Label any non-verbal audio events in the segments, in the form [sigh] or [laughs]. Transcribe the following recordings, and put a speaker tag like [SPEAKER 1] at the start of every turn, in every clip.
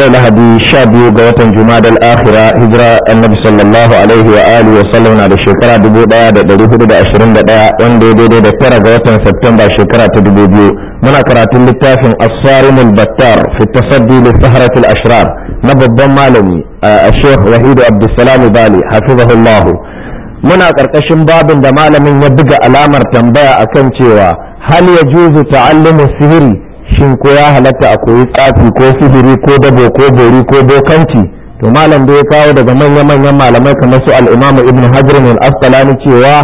[SPEAKER 1] yau lahadi sha biyu ga watan jumadal akhira hijira annabi sallallahu alaihi wa alihi wa sallam na da shekara dubu daya da dari hudu da ashirin da daya wanda ya daidai da tara ga watan septemba shekara ta dubu biyu muna karatun littafin asarin albattar fi tasaddi li saharatul ashrar na babban malami a shekh wahidu abdulsalam bali hafizahullahu muna karkashin babin da malamin ya buga alamar tambaya akan cewa hal yajuzu ta'allumu sihiri shin ko ya halatta a koyi tsafi ko sihiri ko dabo ko bori ko bokanci to malam da ya kawo daga manya-manyan malamai kamar su al'imamu ibn hajar al asalani cewa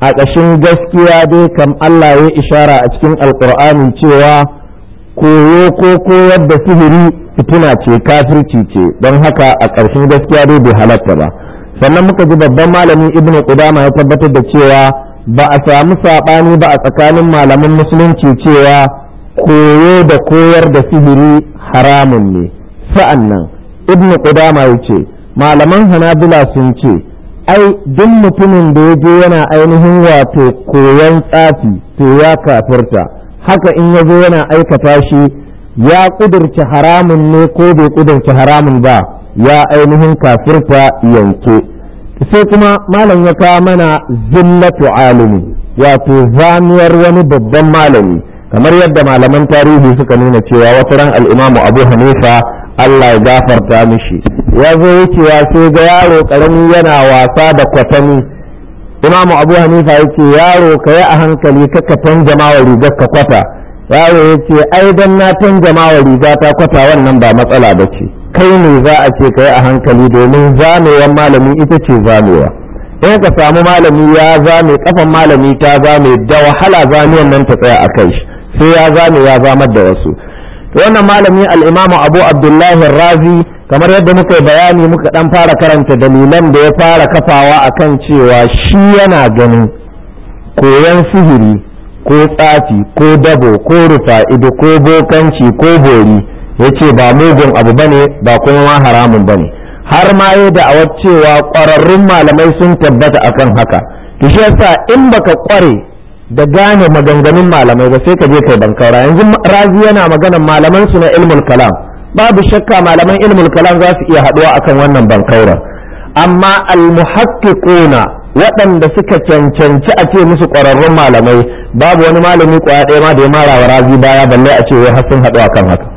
[SPEAKER 1] a ƙashin gaskiya dai kam Allah ya ishara a cikin alƙur'ani cewa koyo ko koyar da sihiri fituna ce kafirci ce don haka a ƙarshen gaskiya dai bai halatta ba sannan muka ji babban malami ibnu kudama ya tabbatar da cewa ba a samu saɓani ba a tsakanin malaman musulunci cewa koyo da koyar da sihiri haramun ne sa'an nan ibn qudama ce malaman hanabila sun ce ai duk mutumin da ya je yana ainihin wato koyon tsafi to ya kafirta haka in ya zo yana aikata shi ya ƙudurci haramun ne ko bai ƙudurci haramun ba ya ainihin kafirta yanke sai kuma malam ya kawo mana zillatu alimi wato zamiyar wani babban malami kamar yadda malaman tarihi suka nuna cewa wata ran al'imamu abu hanifa allah ya gafarta mishi ya zo wucewa sai ga yaro karami yana wasa da kwatami imamu abu hanifa ya ce yaro ka yi a hankali kaka canza mawa rigar ka kwata yaro ya ce ai dan na canza mawa riga ta kwata wannan ba matsala ba ce kai ne za a ce ka yi a hankali domin zamewar malami ita ce zamewa in ka samu malami ya zame kafan malami ta zame da wahala zamewan nan ta tsaya a kai shi sai ya zame ya zamar da wasu wannan malami al abu abdullahi razi kamar yadda muka bayani muka ɗan fara karanta dalilan da ya fara kafawa akan cewa shi yana ganin koyon sihiri ko tsafi ko dabo ko rufa ido ko bokanci ko bori ya ce ba mugun abu ba ne ba kuma haramun ne har ma yi da cewa ƙwararrun malamai sun tabbata akan haka to shi yasa in baka ƙware da gane maganganun malamai ba sai ka je kai bankaura yanzu razi yana maganan malaman su na ilmul kalam babu shakka malaman ilmul kalam za su iya haduwa akan wannan bankaura amma muhaqqiquna waɗanda suka cancanci a ce musu ƙwararrun malamai babu wani malami ƙwaya ɗaya ma da ya marawa razi baya balle a ce wai har sun haɗu akan haka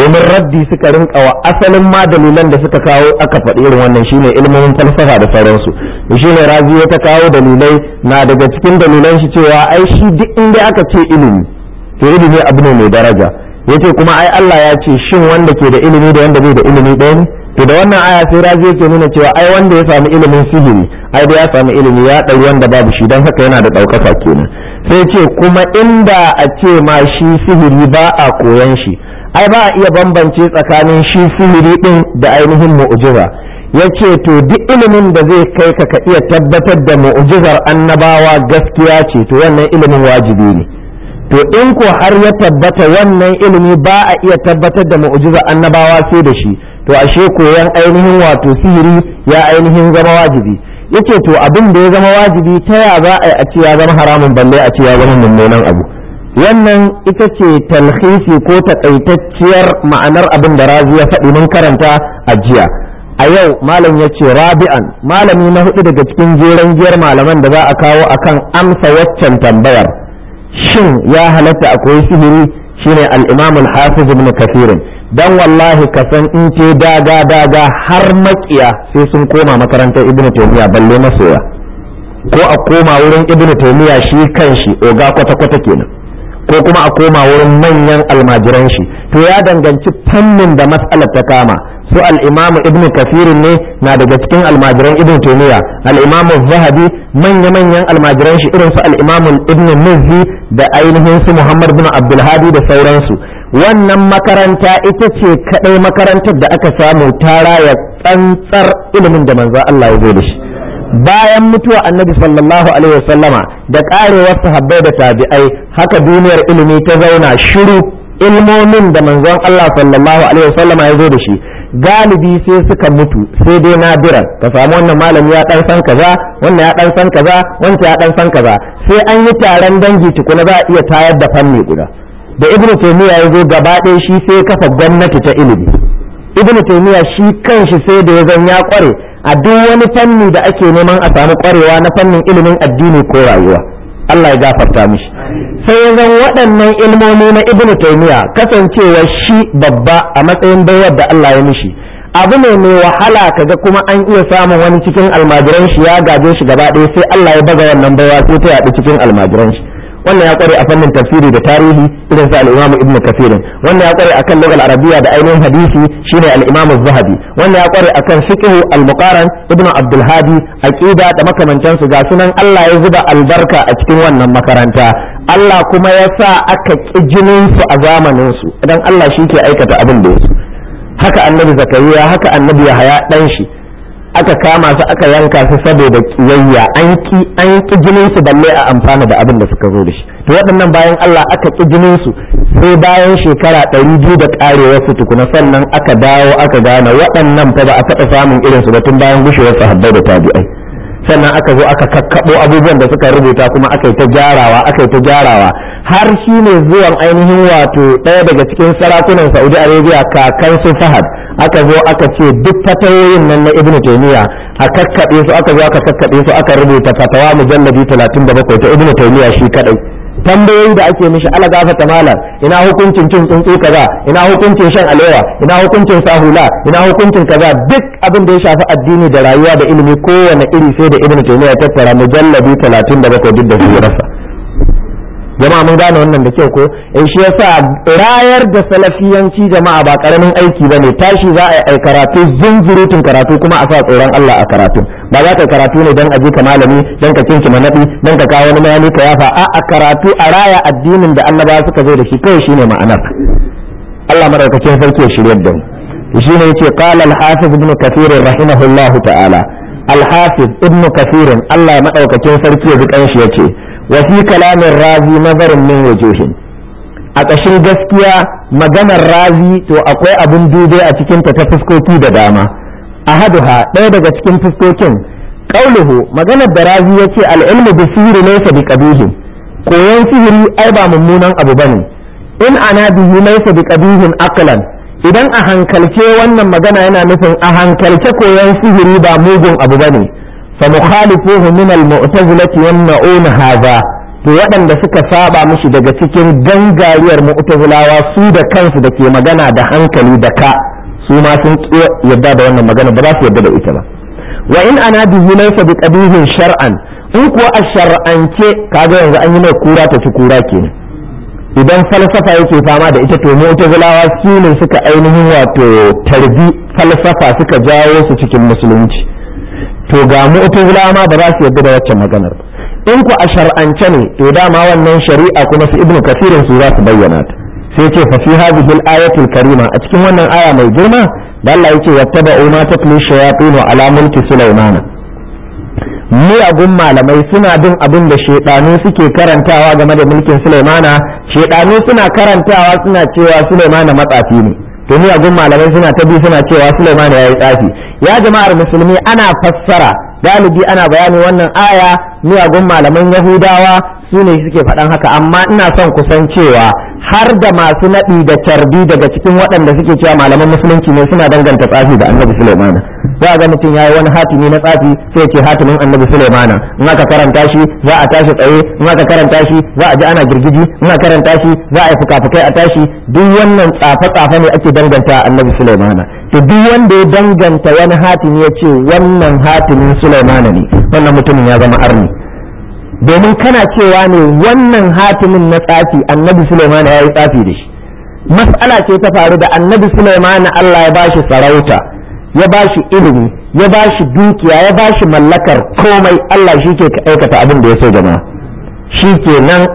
[SPEAKER 1] domin raddi suka rinka wa asalin ma dalilan da suka kawo aka faɗi irin wannan shine ilimin falsafa da sauransu shi shine razi ta kawo dalilai na daga cikin dalilan shi cewa ai shi duk inda aka ce ilimi to ilimi abu ne mai daraja yace kuma ai Allah ya ce shin wanda ke da ilimi da wanda bai da ilimi ɗaya ne to da wannan aya sai razi yake nuna cewa ai wanda ya samu ilimin sihiri ai da ya samu ilimi ya ɗauri wanda babu shi don haka yana da ɗaukaka kenan sai ce kuma inda a ce ma shi sihiri ba a koyan shi ai ba a iya bambance tsakanin shi sihiri din da ainihin mu'jiza yace to duk ilimin da zai kai ka ka iya tabbatar da mu'jizar annabawa gaskiya ce to wannan ilimin wajibi ne to in ko har ya tabbata wannan ilimi ba a iya tabbatar da mu'jizar annabawa sai da shi to ashe koyan ainihin wato sihiri ya ainihin zama wajibi yace to abin da ya zama wajibi ta ya za a yi a ce ya zama haramun balle a ce ya zama mummunan abu wannan ita ce talhisi ko takaitacciyar ma'anar abin da razi ya faɗi mun karanta a jiya a yau malam ya ce rabi'an malami na hudu daga cikin jeren giyar malaman da za a kawo akan amsa waccan tambayar shin ya halatta akwai sihiri shine al-imam Hafizu hafiz ibn kafirin dan wallahi san in ce daga daga har makiya sai sun koma makarantar ibn taymiya balle masoya ko a koma wurin ibn taymiya shi kanshi oga kwata kwata kenan ko kuma a koma wurin manyan almajiran shi to ya danganci fannin da matsalar ta kama su al'imamu ibnu kafirin ne na daga cikin almajiran ibn taymiya al'imamu zahabi manya-manyan almajiran shi irin su al'imamu ibn mizzi da ainihin su muhammad bin abdulhadi da sauransu wannan makaranta ita ce kadai makarantar da aka samu ta raya tsantsar ilimin da manzo Allah ya zo da shi bayan mutuwa annabi sallallahu alaihi wasallama da karewar sahabbai da tabi'ai haka duniyar ilimi ta zauna shiru ilmomin da manzon Allah sallallahu alaihi wasallama ya zo da shi galibi sai suka mutu sai dai nadira ka samu wannan malami ya dan san kaza wannan ya dan san kaza wancan ya dan san kaza sai an yi taron dangi tukuna za a iya tayar da fanni guda da ibn taymiya ya zo gaba ɗaya shi sai kafa gwamnati ta ilimi ibn taymiya shi kanshi sai da ya zan ya kware a duk wani fanni da ake neman a samu kwarewa na fannin ilimin addini ko rayuwa Allah ya gafarta mishi sai yanzu waɗannan ilmomi na ibn taymiya kasancewa shi babba a matsayin baiwar da Allah ya mishi abu ne mai wahala kaga kuma an iya samun wani cikin almajiran shi ya gaje shi gaba ɗaya sai Allah ya baza wannan baiwa sai ta yaɗu cikin almajiran shi wannan ya kware a fannin tafsiri da tarihi irin sa al-Imam Ibn Kathir wannan ya kware akan lugal arabiya da ainihin hadisi shine al-Imam Az-Zahabi wannan ya kware akan fiqh al-Muqaran Ibn Abdul Hadi aqida da makamantan su ga sunan Allah ya zuba albarka a cikin wannan makaranta Allah kuma ya sa aka ki jinin su a zamanin su idan Allah shi ke aikata abin da yake haka annabi Zakariya haka annabi Yahaya dan shi aka kama su aka yanka su saboda kiyayya an ki an ki jinin su balle a amfana da abin da suka zo da shi to waɗannan bayan Allah aka ki jinin su sai bayan shekara ɗari biyu da ƙarewar su tukuna sannan aka dawo aka gana waɗannan fa ba a taɓa samun irin su ba tun bayan gushewar sahabbai da tabi'ai sannan aka zo aka kakkaɓo abubuwan da suka rubuta kuma aka yi ta gyarawa aka yi ta gyarawa har shi ne zuwan ainihin wato ɗaya daga cikin sarakunan saudi arabia kakan su fahad aka zo aka ce duk fatayoyin nan na ibnu taymiya a kakkaɓe su aka zo aka kakkaɓe su aka rubuta fatawa mujalladi 37 ta ibnu taymiya shi kaɗai. tambayoyi da ake mishi ala ta malam ina hukuncin cin tsuntsu kaza ina hukuncin shan alewa ina hukuncin sahula ina hukuncin kaza duk abin da ya shafi addini da rayuwa da ilimi kowane iri sai da ibnu taymiya tattara mujalladi 37 duk da rasa. jama'a mun gane wannan da kyau ko eh shi yasa rayar da salafiyanci jama'a ba karamin aiki bane tashi za a yi karatu zunzurutun karatu kuma a sa tsoron Allah a karatu ba za ka karatu ne dan aje ka malami dan ka kinki manadi dan ka kawo wani mayani ka yafa a a karatu a raya addinin da annabawa suka zo da shi kai shine ma'anar Allah madaukakin sarki ya shirye da mu shine yace qala al-hafiz ibn kathir rahimahullahu ta'ala al-hafiz ibn kathir Allah madaukakin sarki ya ji kanshi yace wa kalamin razi nazarin min wajohin a ƙashin gaskiya maganar razi to akwai abin dubai a cikinta ta fuskoki da dama a haduha ɗaya daga cikin fuskokin ƙauluhu maganar da razi yace ce al'ilmu bi sihri laysa bi qabihin koyon sihiri ai ba mummunan abu bane in ana bihi laysa bi qabihin akalan idan a hankalce wannan magana yana nufin a hankalce koyon sihiri ba mugun abu bane fa mukhalifuhu min al-mu'tazilati to waɗanda suka saba mushi daga cikin gangariyar mu'tazilawa su da kansu da ke magana da hankali da ka su ma sun yadda da wannan magana ba za su yadda da ita ba wa in ana bihi laysa bi qabihin shar'an in kuwa a shar'ance kaga yanzu an yi mai kura ta ci kura kenan idan falsafa yake fama da ita to mu'tazilawa su ne suka ainihin wato tarbi falsafa suka jawo su cikin musulunci to ga mu'tazila ma ba za su yarda da waccan maganar in ku a shar'ance ne to dama wannan shari'a kuma su ibnu kasirin su za su bayyana ta sai ce fa fi hadhihi al-ayati al-karima a cikin wannan aya mai girma da Allah yake wattaba'u ma tatlu shayatin ala mulki sulaimana miyagun malamai suna bin abin da shaidanu suke karantawa game da mulkin sulaimana shaidanu suna karantawa suna cewa sulaimana matsafi ne to ni malaman malamai suna ta bi suna cewa Sulaiman ya yi tsafi ya jama'ar musulmi ana fassara galibi ana bayani wannan aya miyagun malaman yahudawa su ne suke faɗan haka amma ina son kusan cewa har da masu naɗi da carbi daga cikin waɗanda suke cewa malaman musulunci ne suna danganta tsafi da annabi Sulaiman za a ga mutum ya wani hatimi na tsafi sai ce hatimin annabi Sulaiman in aka karanta shi za a tashi tsaye in aka karanta shi za a ji ana girgiji in aka karanta shi za a yi fuka-fukai a tashi duk wannan tsafe-tsafe ne ake danganta annabi Sulaiman to duk wanda ya danganta wani hatimi ya ce wannan hatimin Sulaiman ne wannan mutumin ya zama arni domin kana cewa ne wannan hatimin na tsafi annabi Sulaiman ya yi tsafi da shi mas'ala ce ta faru da annabi Sulaiman Allah ya bashi sarauta ya bashi ilimi ya bashi dukiya ya bashi mallakar komai Allah shi ke aikata abin da ya so jama'a shi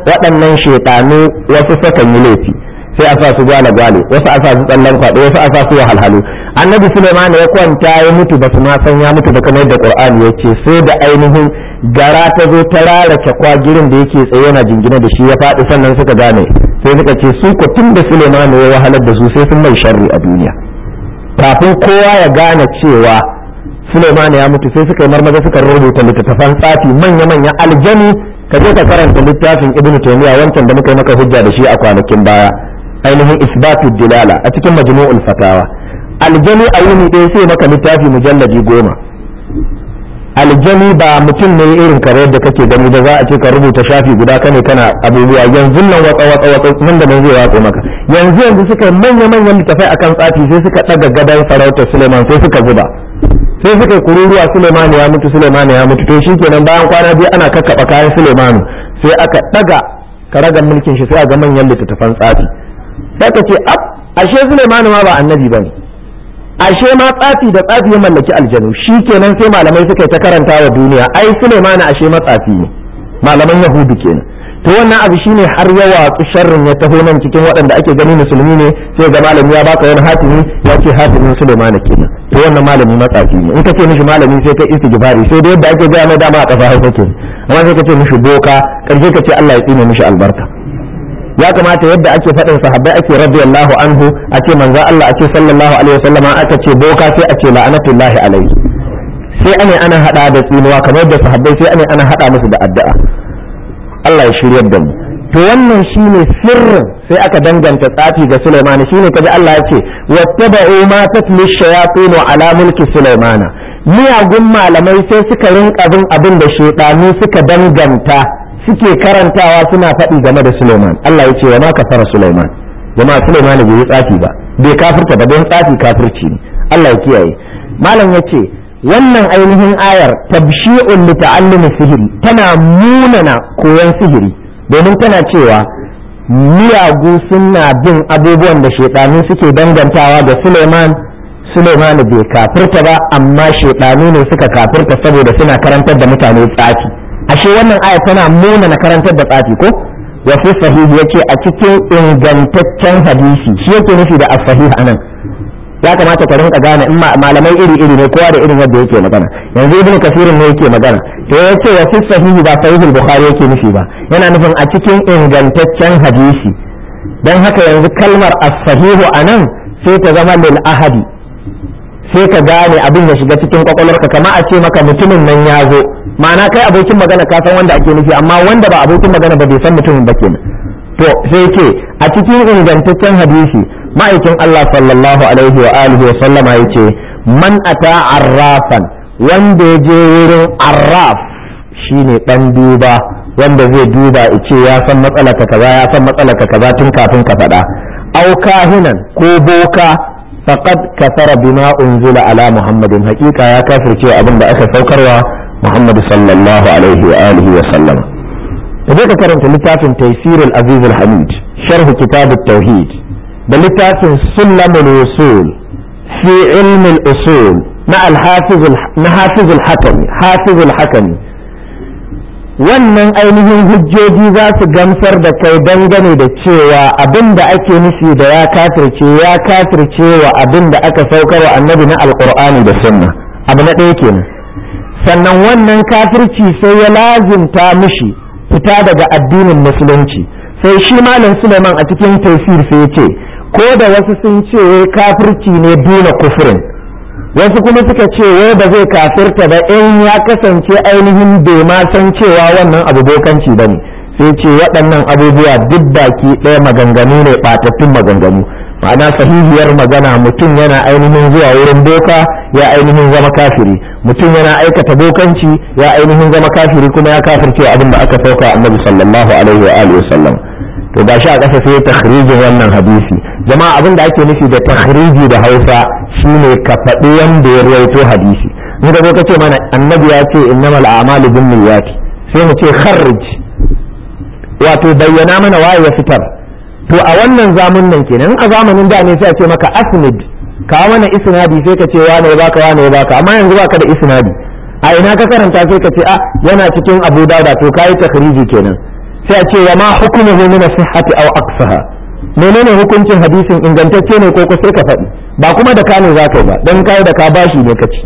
[SPEAKER 1] waɗannan shaiɗanu wasu sakan yi laifi sai a sa su gwale gwale wasu a sa su tsallan kwaɗo wasu a sa su wahalhalu annabi Sulaiman ya kwanta ya mutu ba su ma san ya mutu ba kamar da Ƙur'ani ya ce sai da ainihin gara ta zo ta rarake kwagirin da yake tsaye na jingina da shi ya faɗi sannan suka gane sai suka ce su ko tun da Suleiman ya wahalar da su sai sun mai sharri a duniya kafin kowa ya gane cewa Sulemanu ya mutu sai suka yi marmaza suka rubuta littattafan tsafi manya-manya aljani ka je ka karanta littafin Ibn Taymiyyah wancan da muka yi maka hujja da shi a kwanakin baya ainihin isbatu dilala a cikin majmu'ul fatawa aljani a wuni ɗaya sai maka littafi mujallaji goma aljani ba mutum ne irin kare da kake gani da za a ce ka rubuta shafi guda kane kana abubuwa yanzu nan watsa watsa watsa nan da nan zai watsa maka yanzu yanzu suka yi manya manyan littafai akan tsafi sai suka daga gadon sarautar suleiman sai suka zuba sai suka yi kururuwa suleiman ya mutu suleiman ya mutu to shi kenan bayan kwana biyu ana kakkaba kayan suleiman sai aka daga karagan mulkin shi sai a ga manyan littattafan tsafi sai ka ce ashe suleiman ma ba annabi bane ashe ma tsafi da tsafi ya mallaki aljanu shi kenan sai malamai suka ta karanta wa duniya ai Suleimani ashe matsafi ne malaman yahudu kenan to wannan abu shine har ya watsu sharrin ya taho nan cikin waɗanda ake gani musulmi ne sai ga malami ya baka wani hatimi ya ce hatimin Suleimani kenan to wannan malami matsafi ne in kace mishi malami sai ka istighfari sai da yadda ake gaya mai dama a kafa hausa kenan amma sai kace mishi boka karshe kace Allah ya tsine mishi albarka ya kamata yadda ake faɗin sahabbai ake radiyallahu anhu a ce manzo Allah a ce sallallahu alaihi wasallam aka ce boka sai a ce la'anatullahi alaihi sai ane ana hada da tsinuwa kamar da sahabbai sai ane ana hada musu da addu'a Allah ya shiryar da mu to wannan shine sirrin sai aka danganta tsafi ga Sulaiman shine kaji Allah ya ce wattaba'u ma tatlu shayatin ala mulki Sulaimana miyagun malamai sai suka rinka bin abin da shedanu suka danganta suke karantawa suna faɗi game da Sulaiman Allah ya ce wa ma kafara Sulaiman jama'a Sulaiman bai yi tsafi ba bai kafirta ba don tsafi kafirci ne Allah ya kiyaye malam ya ce wannan ainihin ayar tabshi'un li ta'allumi sihiri tana munana koyon sihiri domin tana cewa miyagu suna bin abubuwan da shaidanu suke dangantawa da Suleiman Suleiman bai kafirta ba amma shaidanu ne suka kafirta saboda suna karantar da mutane tsafi ashe wannan aya tana nuna na karantar da tsafi ko wa fi sahihi yace a cikin ingantaccen hadisi shi yake nufi da as anan ya kamata ka rinka gane in malamai iri iri ne kowa da irin yadda yake magana yanzu ibn kasirin ne yake magana to yace wa fi sahihi ba sahih al-bukhari yake nufi ba yana nufin a cikin ingantaccen hadisi dan haka yanzu kalmar as anan sai ta zama lil ahadi sai ka gane abin ya shiga cikin kwakwalwarka kamar a ce maka mutumin nan ya zo ma'ana kai abokin magana ka san wanda ake nufi amma wanda ba abokin magana ba bai san mutumin ba kenan to sai ce a cikin ingantaccen hadisi ma'aikin Allah sallallahu alaihi wa alihi wa sallama yace man ata arrafan wanda ya je wurin arraf shine dan duba wanda zai duba ice ya san matsala ka kaza ya san matsala ka kaza tun kafin ka faɗa au kahinan ko boka faqad kafara bima unzila ala muhammadin hakika ya kafirce abin da aka saukarwa muhammad sallallahu alaihi wa alihi wa sallama zai ka karanta littafin taisirul azizul hamid sharhu kitab tauhid da littafin sulamul wusul fi ilmin usul na alhafizul hafizul hakami hafizul hakami wannan ainihin hujjoji za su gamsar da kai dangane da cewa abinda ake nufi da ya kafirce ya kafirce wa abinda aka saukar wa annabi na alkur'ani da sunna abu na ɗaya sannan wannan kafirci sai ya lazimta mishi fita daga addinin musulunci sai shi malam suleiman a cikin tafsir sai ce ko da wasu sun ce wai kafirci ne dole kufurin wasu kuma suka ce wai ba zai kafirta ba in ya kasance ainihin bai san cewa wannan abu ba ne sai ce waɗannan abubuwa duk baki ɗaya maganganu ne ɓatattun maganganu ma'ana sahihiyar magana mutum yana ainihin zuwa wurin doka ya ainihin zama kafiri mutum yana aikata bokanci ya ainihin zama kafiri kuma ya kafirce abin da aka sauka annabi sallallahu alaihi wa alihi wasallam to gashi a ƙasa sai takhrijin wannan hadisi jama'a abin da ake nufi da takhriji da Hausa shine ka faɗi wanda ya rawaito hadisi in ka ka ce mana annabi ya ce innamal a'malu binniyati sai mu ce kharij. wato bayyana mana waye ya fitar to a wannan zamanin kenan a zamanin da ne sai a ce maka asnid ka mana isnadi sai ka ce wane baka wane baka amma yanzu baka da isnadi a ina ka karanta sai ka ce a ah, yana cikin abu dauda to kayi takhriji kenan sai a ce wa ma hukumuhu min sihhati aw aqsaha menene hukuncin hadisin ingantacce ne ko ko sai ka faɗi ba kuma da ka ne zaka ba dan kai da ka bashi ne ka ci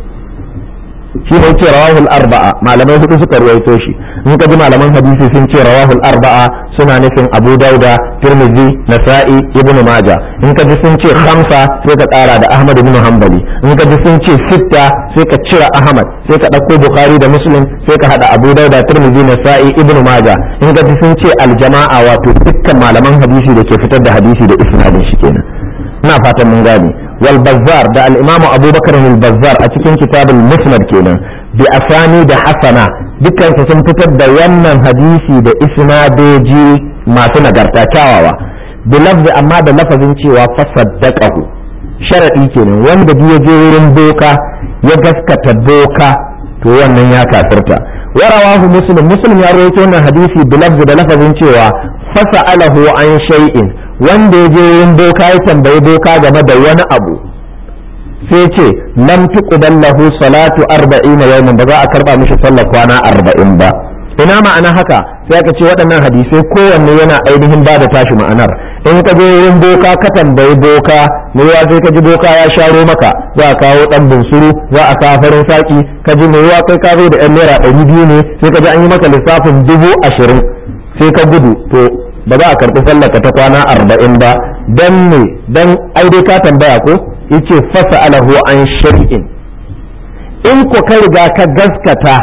[SPEAKER 1] shi ne ce rawahul arba'a malamai hudu suka ruwaito shi in ka ji malaman hadisi sun ce rawahul arba'a suna nufin abu dauda tirmidhi nasa'i ibnu maja in ka ji sun ce khamsa sai ka kara da ahmad ibn hanbali in ka ji sun ce sitta sai ka cira ahmad sai ka dauko bukhari da muslim sai ka hada abu dauda tirmidhi nasa'i ibnu maja in ka ji sun ce aljama'a wato dukkan malaman hadisi da ke fitar da hadisi da isnadin shi kenan ina fatan mun gane wal da al abubakar al a cikin kitabul musnad kenan bi asani da hasana dukkan su sun fitar da wannan hadisi da isnadoji masu nagarta kyawawa bi amma da lafazin cewa fasaddaqahu sharadi kenan wanda duk wurin boka ya gaskata boka to wannan ya kafirta warawahu muslim muslim ya rawaito wannan hadisi bi lafzi da lafazin cewa fasa'alahu an shay'in wanda ya je wurin doka ya tambayi doka game da wani abu sai ce lam tuqbal lahu salatu 40 yawmin ba za a karba mishi sallar kwana arba'in ba ina ma'ana haka sai aka ce waɗannan hadisai kowanne yana ainihin ba da tashi ma'anar in ka je wurin boka ka tambayi boka me ya kai ka ji boka ya sharo maka za a kawo dan bunsuru za a kawo farin saki ka ji me ya kai ka zo da yan naira ɗari biyu ne sai ka ji an yi maka lissafin dubu ashirin sai ka gudu to ba za a karɓi sallar ta kwana arba'in ba dan ne dan ai dai ka tambaya ko yace fasa alahu an shari'in in ko ka riga ka gaskata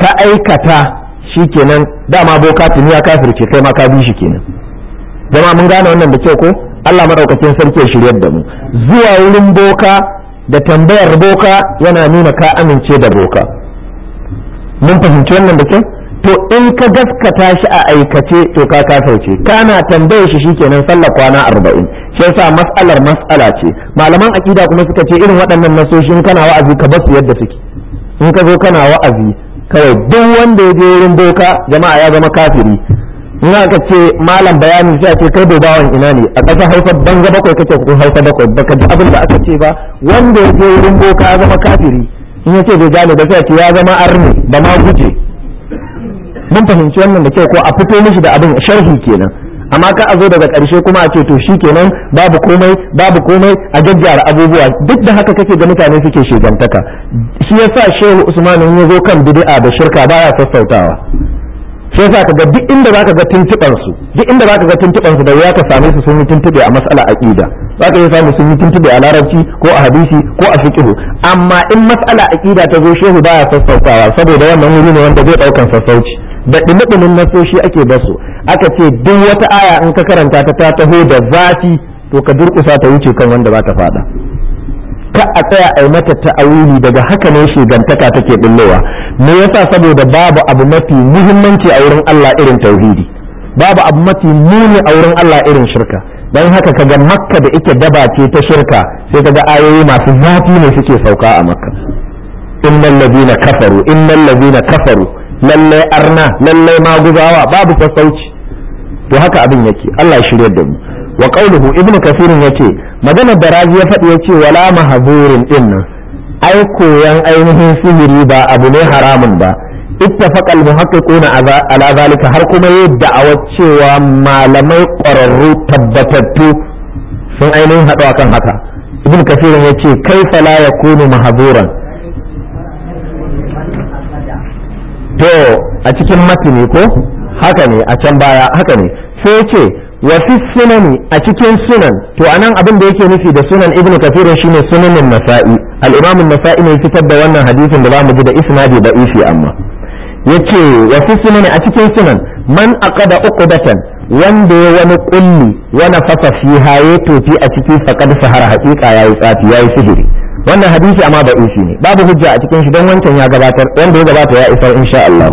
[SPEAKER 1] ka aikata shi shikenan dama boka tuni ya kafirce kai ma ka bi shi kenan Zama mun gane wannan da kyau ko Allah madaukakin sarki ya shiryar da mu zuwa wurin boka da tambayar boka yana nuna ka amince da boka mun fahimci wannan da kyau to in ka gaskata shi a aikace to ka kasauce kana tambayar shi shikenan sallar kwana arba'in shi yasa mas'alar mas'ala ce malaman akida kuma suka ce irin waɗannan nasoshin kana wa'azi ka basu yadda suke in ka zo kana wa'azi kawai duk wanda ya je wurin boka jama'a ya zama kafiri in aka ce malam bayani sai ce kai bawan ina ne a ƙasa hausa banza bakwai kake ku hausa bakwai baka ji abin da aka ce ba wanda ya je wurin boka ya zama kafiri in ya ce bai gane ba sai ce ya zama arni da ma guje mun fahimci wannan da kyau ko a fito mishi da abin sharhi kenan amma ka a zo daga ƙarshe kuma a ce to shi kenan babu komai babu komai a jajjara abubuwa duk da haka kake ga mutane suke shegantaka shi yasa shehu usman ya zo kan bid'a da shirka baya sassautawa sai sa ka ga duk inda zaka ga tuntuban su duk inda zaka ga tuntuban su da ya ka same su sun yi tuntube a mas'ala aqida zaka iya samu sun yi tuntube a larabci ko a hadisi ko a fiqh amma in mas'ala aqida ta zo shehu baya sassautawa saboda wannan wuri ne wanda zai daukan sassauci da dumi nasoshi ake basu aka ce duk wata aya in ka karanta ta ta taho da zafi to ka durkusa ta wuce kan wanda ba ta fada ka a tsaya a mata ta'awili daga haka ne shigantaka take billowa me yasa saboda babu abu mafi muhimmanci a wurin Allah irin tauhidi babu abu mafi muni a wurin Allah irin shirka don haka ka ga makka da ike daba ce ta shirka sai ka ga ayoyi masu zafi ne suke sauka a makka innal ladina kafaru innal ladina kafaru lallai arna lallai maguzawa babu fasauci to haka abin yake Allah ya shirya da mu wa qauluhu ibnu kafir yace maganar da ya faɗi yace wala mahzurin din nan ai koyan ainihin sihiri ba abu ne haramun ba ittafaqal muhaqqiquna ala zalika har kuma yadda a cewa malamai ƙwararru tabbatattu sun ainihin haɗu akan haka ibnu kafir yace kaifa la yakunu mahzuran to a cikin matini ko haka ne a can baya haka ne sai ce wa fi a cikin sunan to anan abin da yake nufi da sunan ibnu kafirin shine sunanin nasa'i al-imam nasai ne fitar da wannan hadisin da zamu ji da isnadi da ishi amma yace wa fi sunan a cikin sunan man uku uqdatan wanda ya wani kulli wani fasa fiha ya tofi a ciki faqad sahara haqiqa yayi tsafi yayi sihiri wannan hadisi amma da ushi ne babu hujja a cikin shi don wancan ya gabatar wanda ya gabata ya isar insha Allah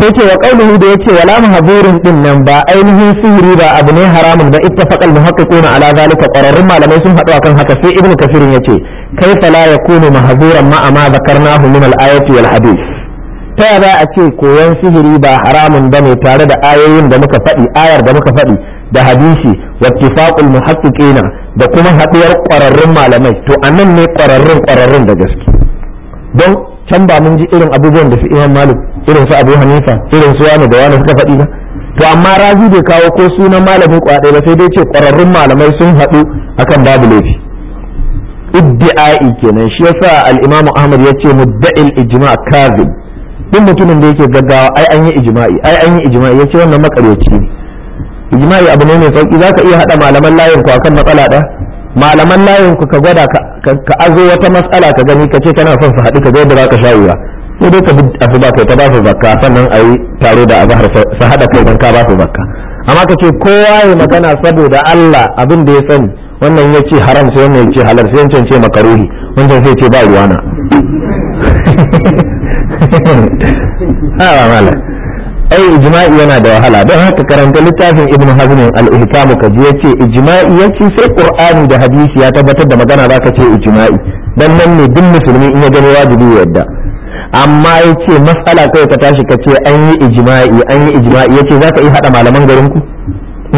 [SPEAKER 1] sai ce wa qauluhu da yace wala mahzurin din nan ba ainihin sihiri ba abu ne haramun ba ittafaqal muhaqqiquna ala zalika qararrun malamai sun haɗu akan haka sai ibnu kasir yace kaifa la yakunu mahzuran ma ma zakarnahu min al ayati wal hadith ta yaya za a ce koyon sihiri ba haramun ba ne tare da ayoyin da muka faɗi ayar da muka faɗi da hadisi wattifaqul muhaqqiqina da kuma haɗuwar ƙwararrun malamai to anan ne ƙwararrun ƙwararrun da gaske don can ba mun ji irin abubuwan da su Imam Malik irin su Abu Hanifa irin su Wani da Wani suka faɗi ba to amma razi bai kawo ko sunan malamin kwaɗe ba sai dai ce ƙwararrun malamai sun haɗu akan babu laifi iddi'a'i kenan shi yasa al-Imam Ahmad yace mudda'il ijma' kadhib duk mutumin da yake gaggawa ai an yi ijma'i ai an yi ijma'i yace wannan makaryaci ne ijma'i abu ne mai sauki zaka iya hada malaman layin ku akan matsala ɗaya malaman layin ku ka gwada ka azo wata matsala ka gani ka ce kana son su haɗu ka gwada za ka sha wuya sai dai ka bi abu ba kai ta ba su zakka sannan a yi da azhar su haɗa kai don ka ba su zakka amma ka ce kowa ya magana saboda Allah abin da ya sani wannan ya ce haram sai wannan ya ce halal sai wancan ce makaruhi wancan sai ce ba ruwana [laughs] ha ba malam ai ijma'i yana da wahala don haka karanta littafin ibn hazm al-ihkam ka ji yace ijma'i yace sai qur'ani da hadisi ya tabbatar da magana zaka ce ijma'i dan nan ne duk musulmi in ya gani wajibi ya yadda amma yace matsala kai ka tashi ka ce an yi ijma'i an yi ijma'i yace zaka yi hada malaman garin ku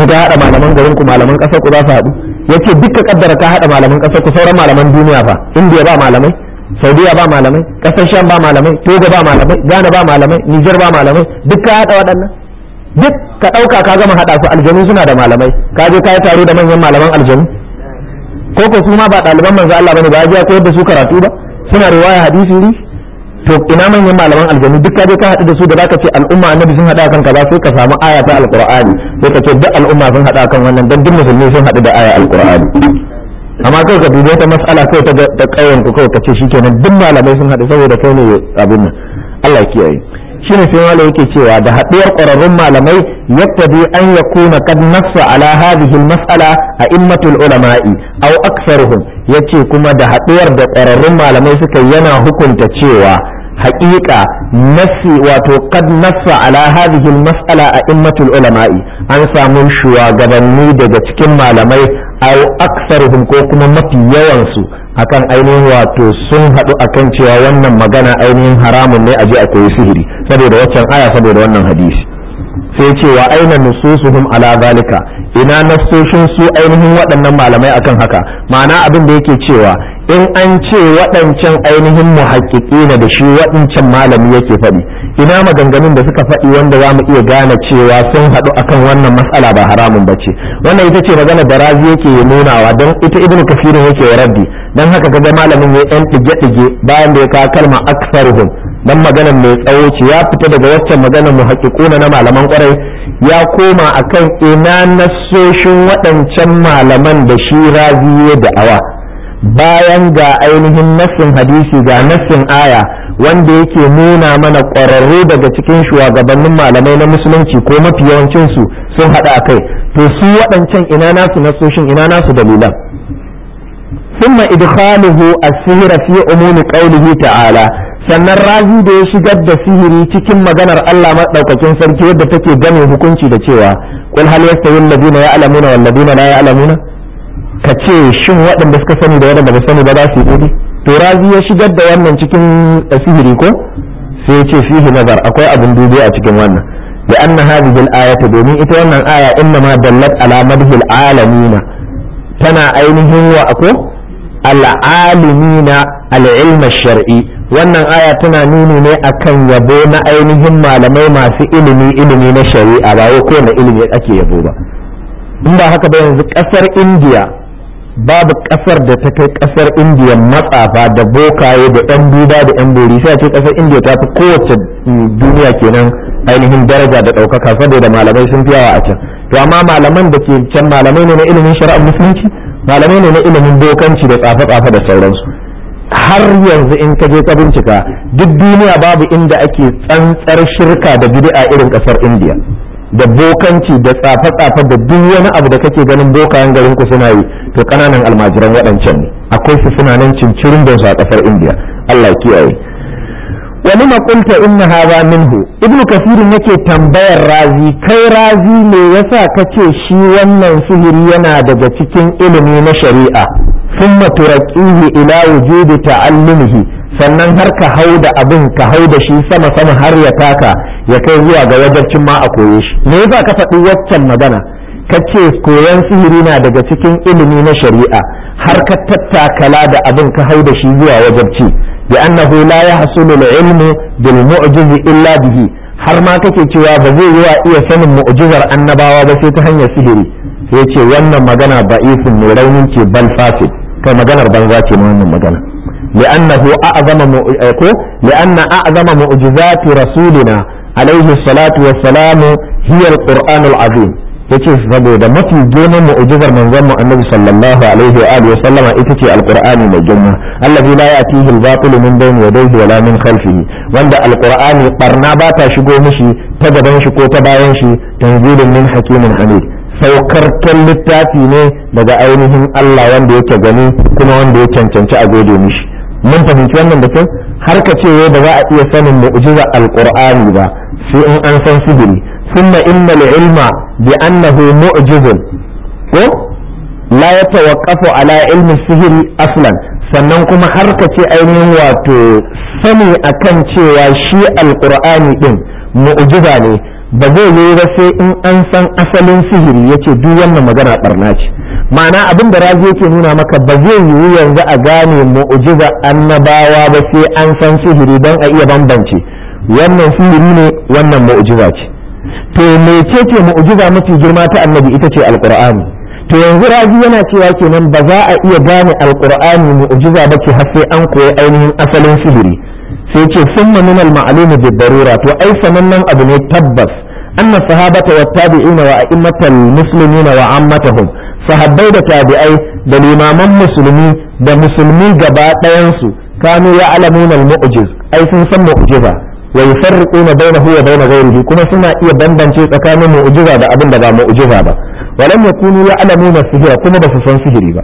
[SPEAKER 1] in ka hada malaman garin ku malaman kasar ku za su hadu yace duka kaddara ka hada malaman kasar ku sauran malaman duniya fa indiya ba malamai saudiya ba malamai kasar sham ba malamai togo ba malamai ghana ba malamai niger ba malamai duk ka hada waɗannan duk ka ɗauka ka gama haɗa su aljanu suna da malamai ka je ka yi taro da manyan malaman aljanu ko ko su ma ba ɗaliban manzo Allah bane ba ya koyar da su karatu ba suna riwaya hadisi ne to ina manyan malaman aljanu duk ka je ka haɗu da su da zaka ce al'umma annabi sun haɗa kan kaza sai ka samu aya ta alqur'ani sai ka ce duk al'umma sun haɗa kan wannan dan duk musulmi sun haɗu da aya alqur'ani amma kai ka dubi wata mas'ala kai ta ta kauyen ku ce kace shikenan duk malamai sun haɗu saboda kai ne abin nan Allah ya kiyaye ne sai malai yake cewa da haɗuwar ƙwararrun malamai yattadi an yakuna kad nassa ala hadhihi al-mas'ala immatul ulama'i aw aktharuhum yace kuma da haɗuwar da ƙwararrun malamai suka yana hukunta cewa haƙiƙa nasi wato kad nassa ala hadhihi al-mas'ala immatul ulama'i an samu shugabanni daga cikin malamai aw aktsaruhum ko kuma mafi yawan su akan ainihin wato sun haɗu akan cewa wannan magana ainihin haramun ne aje a koyi sihiri saboda waccan aya saboda wannan hadisi sai ce wa aina nususuhum ala zalika ina nasoshin su ainihin waɗannan malamai akan haka ma'ana abin da yake cewa in an ce waɗancan ainihin muhakkiki na da shi waɗancan malami yake faɗi ina maganganun da suka faɗi wanda za mu iya gane cewa sun haɗu akan wannan matsala ba haramun ba ce wannan ita ce magana da razi yake nunawa don ita ibn kafirin yake rabbi, don haka kaga malamin ya ɗan ɗige-ɗige bayan da ya kawo kalma aksaruhum dan maganar mai tsawo ce ya fita daga waccan maganar muhakiku na malaman kwarai ya koma akan ina nasoshin waɗancan malaman da shi razi ya da'awa bayan ga ainihin nassin hadisi ga nassin aya wanda yake nuna mana ƙwararru daga cikin shugabannin malamai na musulunci ko mafi yawancinsu sun haɗa a kai to su waɗancan ina nasu nassoshin ina nasu dalilan ثم إدخاله السهر في عموم قوله ta'ala sannan razi da ya shigar da sihiri cikin maganar Allah maɗaukakin sarki yadda take gane hukunci da cewa qul hal yastawi alladhina ya'lamuna wal ladina la ya'lamuna ka ce shin waɗanda suka sani da waɗanda ba sani ba za su yi daidai to razi ya shigar da wannan cikin eh, sihiri ko sai ce fihi nazar akwai abin dubi a cikin wannan da anna haɗu bil ayatu domin ita wannan aya inna ma dallat ala madhi alamina tana ainihin wa ako al al'ilma al wannan aya tana nuni ne kan yabo na ainihin malamai masu ilimi ilimi na shari'a ba ko na ilimi ake yabo ba in ba haka ba yanzu kasar indiya babu kasar da ta kai kasar indiya matsafa da bokaye da yan duba da yan bori sai ce kasar indiya ta fi kowace mm, duniya kenan ainihin daraja da ɗaukaka saboda malamai sun fiyawa a can to amma malaman da ke can malamai ne na ilimin shari'ar musulunci malamai ne na ilimin dokanci da tsafe-tsafe da sauransu har yanzu in ka je ka bincika duk duniya babu inda ake tsantsar shirka da bid'a irin kasar indiya da bokanci da tsafa tsafe da duk wani abu da kake ganin bokayen garin ku suna yi to kananan almajiran waɗancan ne akwai su suna nan cincirin da su a ƙasar indiya allah kiyaye wani makunta inna hawa minhu ibn kasirin yake tambayar razi kai razi ne yasa kace shi wannan sihiri yana daga cikin ilimi na shari'a sun maturaƙihi ila wujudi ta'allumihi sannan har ka hau da abin ka hau da shi sama sama har ya taka ya kai zuwa ga wajarcin ma a koye shi me yasa ka faɗi waccan magana ka ce koyon sihiri na daga cikin ilimi na shari'a har ka tattakala da abin ka hau da shi zuwa wajabci bi annahu la yahsulu al-ilmu bil mu'jiz illa bihi har ma kake cewa ba zai yi wa iya sanin mu'jizar annabawa ba sai ta hanyar sihiri yace wannan magana ba'ifun ne raunin ce bal fasid kai maganar banza ce wannan magana li'annahu a'zama ko li'anna a'zama mu'jizati rasulina alaihi salatu wassalamu hiya al-qur'anul azim yace saboda mafi girman mu'jizar manzon mu annabi sallallahu alaihi wa sallama ita ce alqur'ani mai girma allazi la ya'tihi al-batil min bayni yadayhi wala min khalfihi wanda alqur'ani barna ba ta shigo mishi ta gaban shi ko ta bayan shi tanzilun min hakimin hamid saukarken littafi ne daga ainihin Allah wanda yake gani kuma wanda ya cancanci a gode mishi mun fahimci wannan da kyau har ka ce ba za a iya sanin mu'jiza alqur'ani ba sai in an san sihiri thumma innal ilma bi annahu mu'jizun ko la yatawaqqafu ala ilmi sihiri aslan sannan kuma har ka ce ainihin wato sani akan cewa shi alqur'ani din mu'jiza ne ba zai yi ba sai in an san asalin sihiri yace duk wannan magana barna ce ma'ana abin da razi yake nuna maka ba zai yiwu yanzu a gane mu'jiza annabawa ba sai an san sihiri don a iya bambance wannan sihiri ne wannan mu'ujiza ce to mece ce mu'jiza mafi girma ta annabi ita ce alqur'ani to yanzu razi yana cewa kenan ba za a iya gane alqur'ani mu'ujiza ba ce har sai an koyi ainihin asalin sihiri sai ce summa min al-ma'lum bid-darura to ai sanannen abu ne tabbas anna sahabata wa tabi'ina wa a'immatal muslimina wa ammatahum sahabbai da tabi'ai da limaman musulmi da musulmi gaba ɗayansu kanu ya alamun al-mu'jiz ai sun san mu'jiza wa yufarriquna bainahu wa bain ghayrihi kuma suna iya bambance tsakanin mu'jiza da abin da ba mu'jiza ba walam yakunu ya alamun sihira kuma ba su san sihiri ba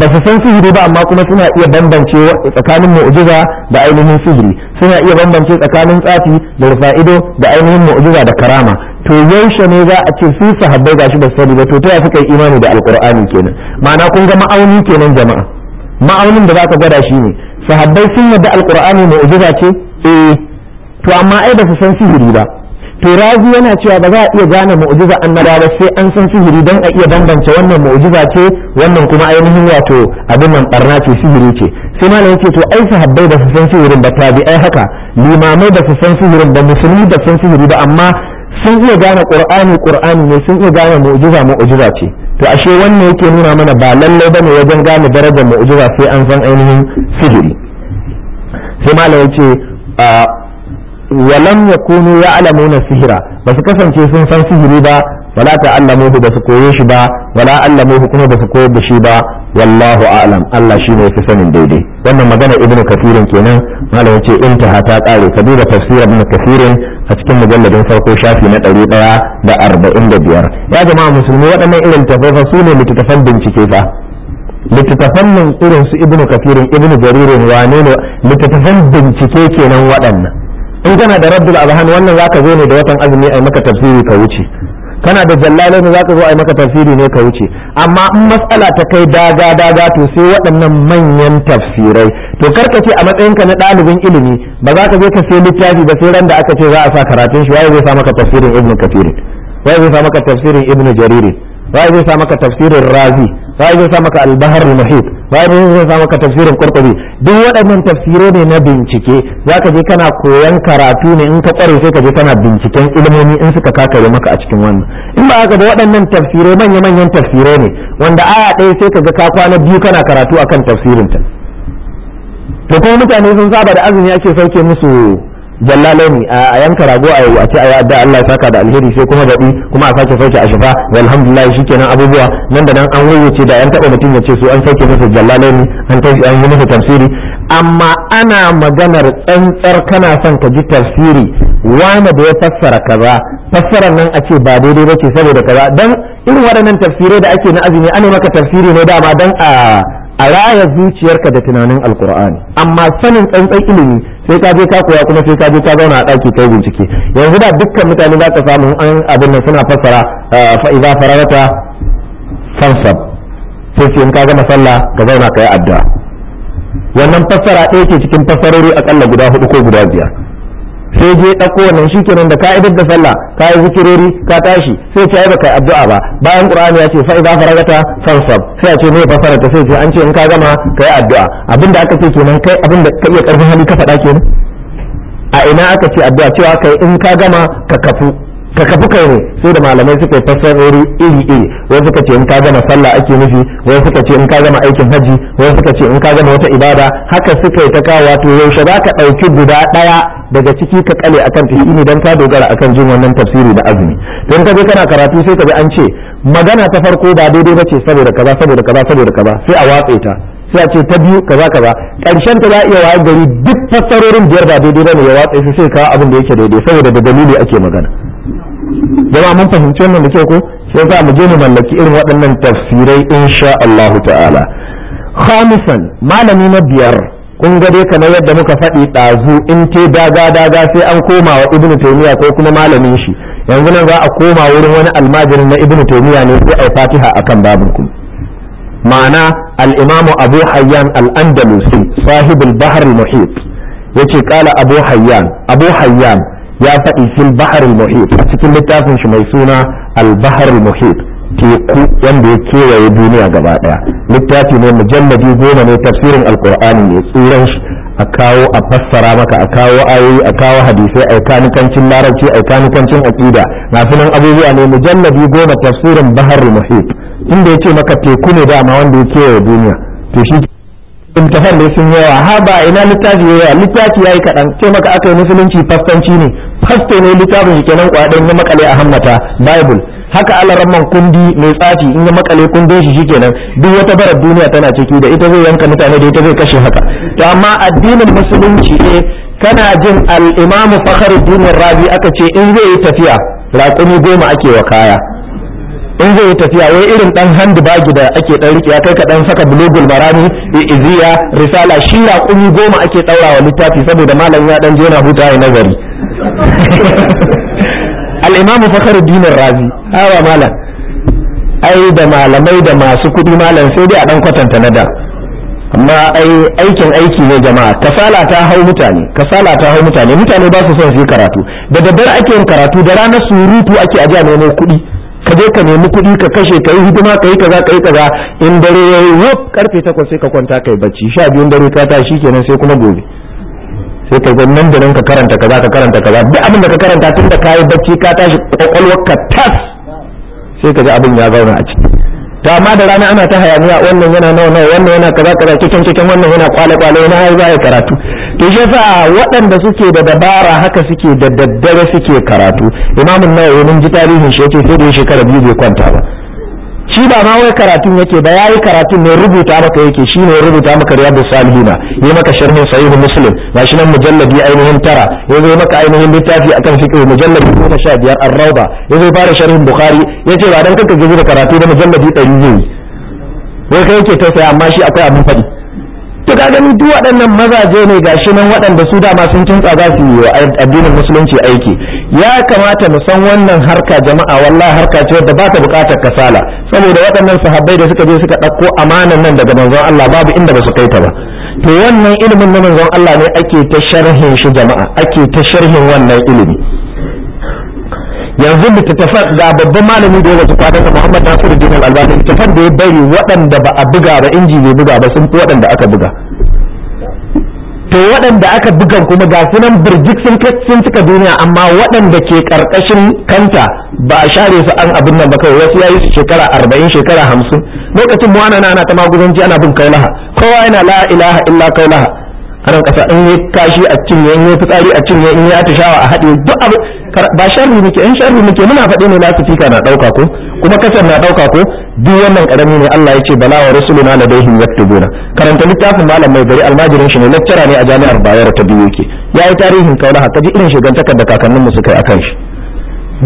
[SPEAKER 1] ba su san sihiri ba amma kuma suna iya bambance tsakanin mu'jiza da ainihin sihiri suna iya bambance tsakanin tsafi da rufa'ido da ainihin mu'jiza da karama to yaushe ne za a ce su sahabbai gashi ba sani ba to ta yafi kai imani da al'kur'ani kenan ma'ana kun ga ma'auni kenan jama'a ma'aunin da zaka gwada shi ne sahabbai sun yadda alqur'ani mu'jiza ce eh to amma ai ba su san sihiri ba to razi yana cewa ba za a iya gane an mu'jiza annabawa sai an san sihiri don a iya bambance wannan mu'jiza ce wannan kuma ainihin wato abin nan barna ce sihiri ce sai malam ce to ai sahabbai ba su san sihirin ba ai haka limamai da su san sihirin ba musulmi ba san sihiri ba amma sun iya gane qur'ani qur'ani ne sun iya gane mu'jiza mu'jiza ce to ashe wannan yake nuna mana ba ba ne wajen gane darajar mu'jiza sai an san ainihin sihiri sai malam yace walam yakunu ya'lamuna sihira ba su kasance sun san sihiri ba wala ta'allamuhu ba su koye shi ba wala allamuhu kuma ba su koyar da shi ba wallahu a'lam Allah shi ne yake sanin daidai wannan magana ibnu kafirin kenan malam ce intaha ta kare ka duba tafsir ibnu a cikin mujalladin farko shafi na ɗari ɗaya da arba'in da biyar ya jama'a musulmi waɗannan irin tafafa su ne littattafan bincike fa littattafan nan irin su ibnu kafirin ibnu jaririn wane ne littattafan bincike kenan waɗannan in kana da raddul azhan wannan zaka zo ne da watan azumi ai maka tafsiri ka wuce kana da jallalai ne zaka zo a yi maka tafsiri ne ka wuce amma in matsala ta kai daga daga to sai waɗannan manyan tafsirai to ka ce a matsayinka na ɗalibin ilimi ba za ka je ka sai littafi ba sai ran da aka ce za a sa karatun shi waye zai sa maka tafsirin ibnu kafirin waye zai sa maka tafsirin ibnu jaririn waye zai sa maka tafsirin razi waye zai sa maka al-bahr al-muhit wani yin zai samu ka tafsirin kurkuri duk waɗannan tafsiro ne na bincike za ka je kana koyan karatu ne in ka kware sai ka je kana binciken ilimomi in suka kakare maka a cikin wannan in ba haka da waɗannan tafsirai manya-manyan tafsirai ne wanda aya ɗaya sai ka ga ka kwana biyu kana karatu akan tafsirin ta to kuma mutane sun saba da azumi ake sauke musu jallalaini a yanka rago a yau a ce ayi addu'a Allah ya saka da alheri sai kuma baɗi kuma a sake sauke a shifa alhamdulillah shikenan abubuwa nan da nan an wuce da an taba mutum ya ce su an sauke masa jallalaini an tafi an yi masa tafsiri amma ana maganar tsantsar kana son ka ji tafsiri wani da ya fassara kaza fassarar nan a ce ba daidai ba ce saboda kaza dan irin waɗannan tafsirai da ake na azumi ana maka tafsiri ne dama dan a a raya zuciyarka da tunanin alkur'ani amma sanin tsantsan ilimi sai ka je ka koya kuma sai ka je ka zauna a ɗaki kai bincike yanzu da dukkan mutane za ka samu an abin nan suna fassara eh, fa'iza fararata fansab sai sai in ka gama sallah ka zauna ka yi addu'a wannan fassara ɗaya ke cikin fassarori akalla guda hudu ko guda biyar sai je ɗauko wannan shikenan da ka idar da sallah ka yi zikirori ka tashi sai ce ai baka addu'a ba bayan qur'ani ya ce fa idza faragata fansab sai ya ce me fasara ta sai ce an ce in ka gama ka yi addu'a abinda aka ce kenan kai abinda ka iya karfin hali ka faɗa kenan a ina aka ce addu'a cewa kai in ka gama ka kafu ka kafi kai ne sai da malamai suka yi fassarori iri iri wai suka ce in ka gama sallah ake nufi wai suka ce in ka gama aikin hajji wai suka ce in ka gama wata ibada haka suka yi ta kawo wato yaushe za ka ɗauki guda ɗaya daga ciki ka kale akan ta don ka dogara akan jin wannan tafsiri da azumi don ka je kana karatu sai ka bi an ce magana ta farko ba daidai ba ce saboda kaza saboda kaza saboda kaza sai a watse ta sai a ce ta biyu kaza kaza karshen ta za a iya waye gari duk fassarorin biyar ba daidai ba ne ya watse su sai kawo abin da yake daidai saboda da dalili ake magana jama'a mun fahimci wannan da kyau ko sai za mu je mu mallaki irin waɗannan tafsirai insha Allah ta'ala khamisan malami na biyar kun ga dai kamar yadda muka faɗi ɗazu in te daga daga sai an koma wa ibnu taymiya ko kuma malamin shi yanzu nan za a koma wurin wani almajirin na ibnu taymiya ne sai ai fatiha akan babin ku ma'ana al-imam abu hayyan al-andalusi sahibul bahr al-muhit yace kala abu hayyan abu hayyan ya faɗi fil bahar muhit cikin littafin shi mai suna al bahar muhit teku wanda ya kewaye duniya gaba daya littafi ne mujalladi goma ne tafsirin alqur'ani ne tsiran shi a kawo a fassara maka a kawo ayoyi a kawo hadisai a kanikancin larabci a kanikancin aqida na abubuwa ne mujalladi goma tafsirin bahar muhit inda yace maka teku ne dama wanda ya kewaye duniya to shi imtihar da sun yawa ha ba ina littafi yawa littafi yayi kadan ce maka aka musulunci fassanci ne fasto ne littafin shi kenan kwaɗan ya makale a hammata bible haka alaramman kundi mai tsafi in ya makale kundin shi kenan duk wata barar duniya tana ciki da ita zai yanka mutane da ita zai kashe haka to amma addinin musulunci ne kana jin al-imamu duniyar rabi aka ce in zai yi tafiya raƙumi goma ake wa kaya in zai yi tafiya wai irin dan handbag da ake dan rike kai ka dan saka bulugul marami iziya risala shi raƙumi goma ake tsaurawa littafi saboda malam ya dan je na huta nazari [laughs] al'imamu fakar dinar razi awa malam ai da malamai da masu kudi malam sai dai a dan kwatanta na da amma ai aikin aiki ne jama'a kasala ta hau mutane kasala ta hau mutane mutane ba su son su yi karatu da daddare ake yin karatu da ranar surutu ake ajiya nemo kuɗi ka je ka nemi kuɗi ka kashe ka yi hidima ka yi kaza ka yi kaza in dare ya yi karfe takwas sai ka kwanta ka yi bacci sha biyun dare ka tashi kenan sai kuma gobe sai ka zo nan da nan ka karanta kaza ka karanta kaza duk abin da ka karanta tun da kayi bacci ka tashi kwakwalwar ka tas sai ka ji abin ya zauna a ciki to amma da rana ana ta hayaniya wannan yana nawa nawa wannan yana kaza kaza cikin cikin wannan yana kwale kwale yana har za karatu to shi yasa waɗanda suke da dabara haka suke da daddare suke karatu imamun nawa mun ji tarihin shi yace sai da shekara biyu bai kwanta ba shi ba ma wai karatun yake ba ya yayi karatun ne rubuta maka yake shi ne rubuta maka riyadu salihina yi maka sharhin sahih muslim ba shi nan mujalladi ainihin tara yi maka ainihin littafi akan fiqh mujalladi 15 ar-rawda yazo fara sharhin bukhari yace ba dan kanka gaji da karatu da mujalladi 100 zai wai kai yake tausaya amma shi akwai abin fadi to ga gani duk waɗannan mazaje ne ga shi nan waɗanda su dama sun tunta za su yi wa addinin musulunci aiki ya kamata mu san wannan harka jama'a wallahi harka ce wadda ba ta bukatar kasala saboda waɗannan sahabbai da suka je suka ɗauko amanan nan daga manzon Allah babu inda ba su kai ta ba to wannan ilimin na manzon Allah ne ake ta sharhin shi jama'a ake ta sharhin wannan ilimi yanzu littattafan ga babban malami da ya kwata ta Muhammad Nasiru al Albani littattafan da ya bari waɗanda ba a buga ba inji bai buga ba sun fi waɗanda aka buga to waɗanda aka buga kuma ga sunan birjik sun cika duniya amma waɗanda ke ƙarƙashin kanta ba a share su an abin nan ba kawai wasu yayi su shekara arba'in shekara hamsin lokacin mu ana ana ta magudanci ana bin kaulaha kowa yana la ilaha illa kaulaha ana kasa in yi kashi a cinye in yi fitsari a cinye in yi atishawa a haɗe duk abu ba sharri muke in sharri muke muna faɗi ne na fika na ɗauka ko kuma kasar na dauka ko duk wannan karami ne Allah ya ce bala wa rasuluna ladaihim yaktubuna karanta littafin malam mai gari almajirin shi ne lecturer ne a jami'ar Bayero ta biyu Ya yi tarihin kaula haka ji irin shigantakar da kakannin mu suka yi akan shi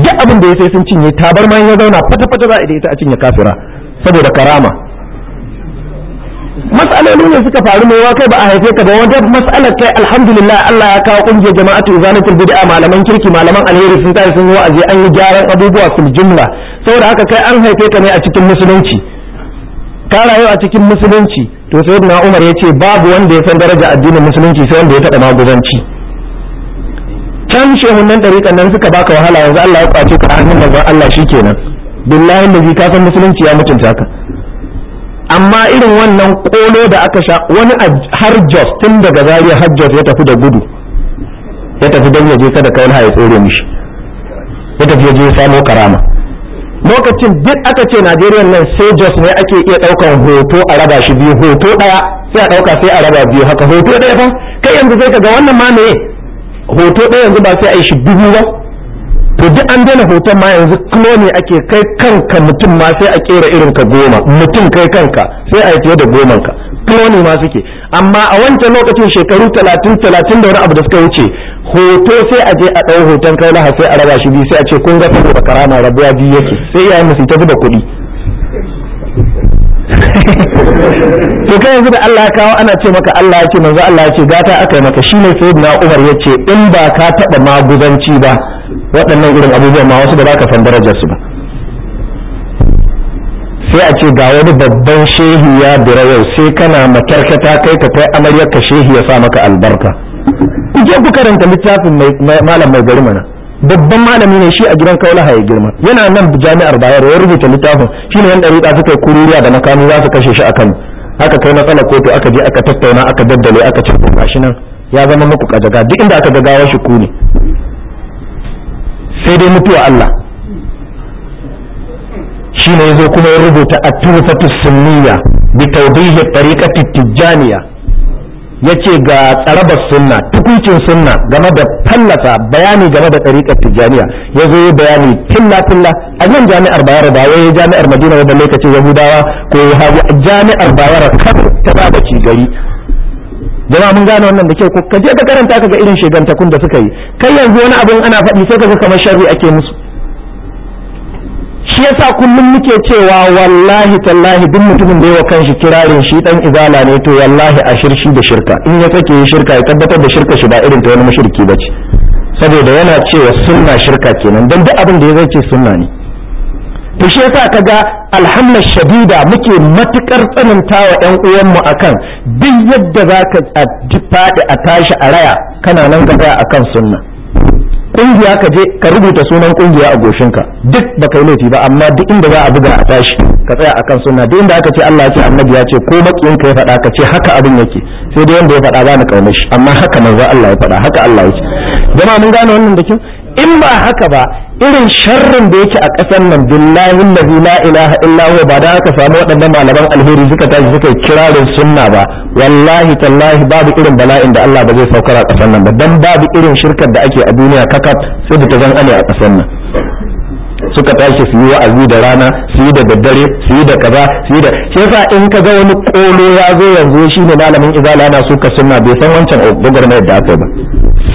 [SPEAKER 1] duk abin da ya sai sun cinye tabar ma ya zauna fata fata za a ita a cinye kafira saboda karama matsaloli ne suka faru mai kai ba a haife ka ba wata matsalar kai alhamdulillah Allah ya kawo kungiyar jama'atu izanatul bid'a malaman kirki malaman alheri sun tashi sun yi wa'azi an yi gyaran abubuwa sul jumla saboda haka kai an haife ka ne a cikin musulunci ka rayu a cikin musulunci to sai na umar ya ce babu wanda ya san daraja addinin musulunci sai wanda ya taɓa maguzanci can shehunan ɗariƙan nan suka baka wahala yanzu Allah ya kwace ka hannun manzon Allah shikenan billahi da ka san musulunci ya mutunta ka amma irin wannan kolo da aka sha wani har jos tun daga zariya har jos ya tafi da gudu ya tafi don ya je sadaka wani ya tsere mishi ya tafi ya je samo karama lokacin duk aka ce najeriya nan sai jos ne ake iya ɗaukan hoto a raba shi biyu hoto ɗaya sai a ɗauka sai a raba biyu haka hoto ɗaya fa kai yanzu sai kaga wannan ma meye hoto ɗaya yanzu ba sai a yi shi dubu ba to duk an daina hoton ma yanzu ne ake kai kanka mutum ma sai a kera irin ka goma mutum kai kanka sai a yi fiye da goman ka cloning ma suke amma a wancan lokacin shekaru talatin talatin da wani abu da suka wuce hoto sai a je a ɗau hoton laha sai a raba shi biyu sai a ce kun ga saboda karama rabuwa biyu yake sai yayin musu ta zuba kuɗi [laughs] to kai yanzu da Allah ya kawo ana ce maka Allah ya ce manzo Allah ya ce gata aka yi maka shine sayyidina Umar ya ce in ba ka taɓa maguzanci ba waɗannan irin abubuwan ma wasu ba za ka san darajar su ba sai a ce ga wani babban shehi ya bira yau sai kana makarkata kai ka kai amaryar ka shehi ya sa maka albarka ku ku karanta littafin malam mai gari mana babban malami ne shi a gidan kaulaha ya girma yana nan jami'ar bayar ya rubuta littafin shi ne yan ɗariƙa suka yi kururiya da makami za su kashe shi a kano aka kai matsala kotu aka je aka tattauna aka daddale aka ce ko gashi nan ya zama muku kajaga duk inda aka gagawa shi ku ne sai dai mutuwa Allah shi ne ya zo kuma ya rubuta a tufatu sunniya bi taubihi tariqati tijjaniya. yace ga tsarabar sunna tukuncin sunna game da fallasa bayani game da tsarikar tijjaniya ya zo bayani tilla tilla a nan jami'ar bayar da ya jami'ar madina wadda lokacin yahudawa ko hagu a jami'ar bayar kan ta ba da gari jama'a mun gane wannan da kyau ko ka je ka karanta ka ga irin shigantakun da suka yi kai yanzu wani abin ana faɗi sai ka ga kamar sharri ake musu shi sa kullum muke cewa wallahi tallahi duk mutumin da yawa kanshi kirarin shi dan izala ne to wallahi a shirshi da shirka in ya sake yin shirka ya tabbatar da shirka shi ba irin ta wani ba ce saboda yana cewa sunna shirka kenan dan duk abin da ya zai ce sunna ne to shi ka ga alhamdulillah shadida muke matukar tsananta wa ɗan uwanmu akan duk yadda zaka a faɗi a tashi a raya kana nan gaba akan sunna kungiya ka je ka rubuta sunan kungiya a goshinka duk ka yi laifi ba amma duk inda za a buga a tashi ka tsaya akan sunna duk inda aka ce Allah ya ce annabi ya ce ko makiyin ka ya faɗa ka ce haka abin yake sai dai wanda ya faɗa bani kauna shi amma haka manzo Allah ya faɗa haka Allah ya ce jama'a mun gane wannan da kyau in ba haka ba irin sharrin da yake a ƙasar nan billahi da la ilaha illa huwa ba da aka samu waɗannan malaman alheri suka tashi suka yi kirarin sunna ba wallahi tallahi babu irin bala'in da Allah ba zai saukar a ƙasar nan ba dan babu irin shirkar da ake a duniya kakat sai da ta zan ane a ƙasar nan suka tashi su yi wa'azi da rana su yi da daddare su yi da kaza su yi da shi yasa in ka ga wani kolo ya zo yanzu ne malamin izala na suka sunna bai san wancan gogarmayar da aka yi ba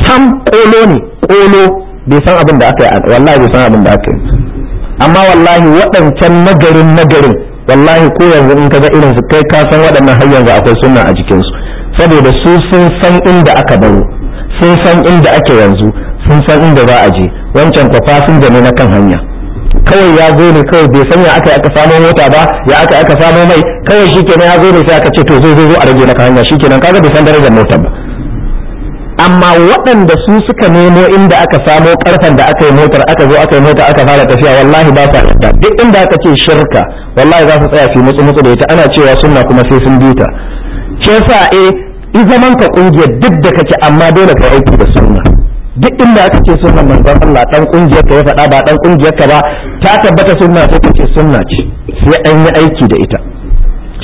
[SPEAKER 1] sam kolo ne kolo bai san abin da aka yi wallahi bai san abin da aka yi amma wallahi waɗancan nagarin nagarin wallahi ko yanzu in kaga irin su kai ka san waɗannan har yanzu akwai sunna a jikin su saboda su sun san inda aka baro sun san inda ake yanzu sun san inda za a je wancan kwa sun ne na kan hanya kawai ya zo ne kawai bai sanya aka aka samo mota ba ya aka aka samo mai kawai shikenan ya zo ne sai aka ce to zo zo zo a rage kan hanya shikenan kaga bai san darajar motar ba amma waɗanda su suka nemo inda aka samo ƙarfen da aka yi motar aka zo aka yi mota aka fara tafiya wallahi ba sa yarda duk inda aka ce shirka wallahi za su tsaya su mutsu mutsu da ita ana cewa sunna kuma sai sun bi ta ce sa eh i zaman ka kungiyar duk da kake amma dole ka aiki da sunna duk inda aka ce sunna manzon Allah dan kungiyar ka ya faɗa ba dan kungiyar ka ba ta tabbata suna sai ta ce sunna ce sai an yi aiki da ita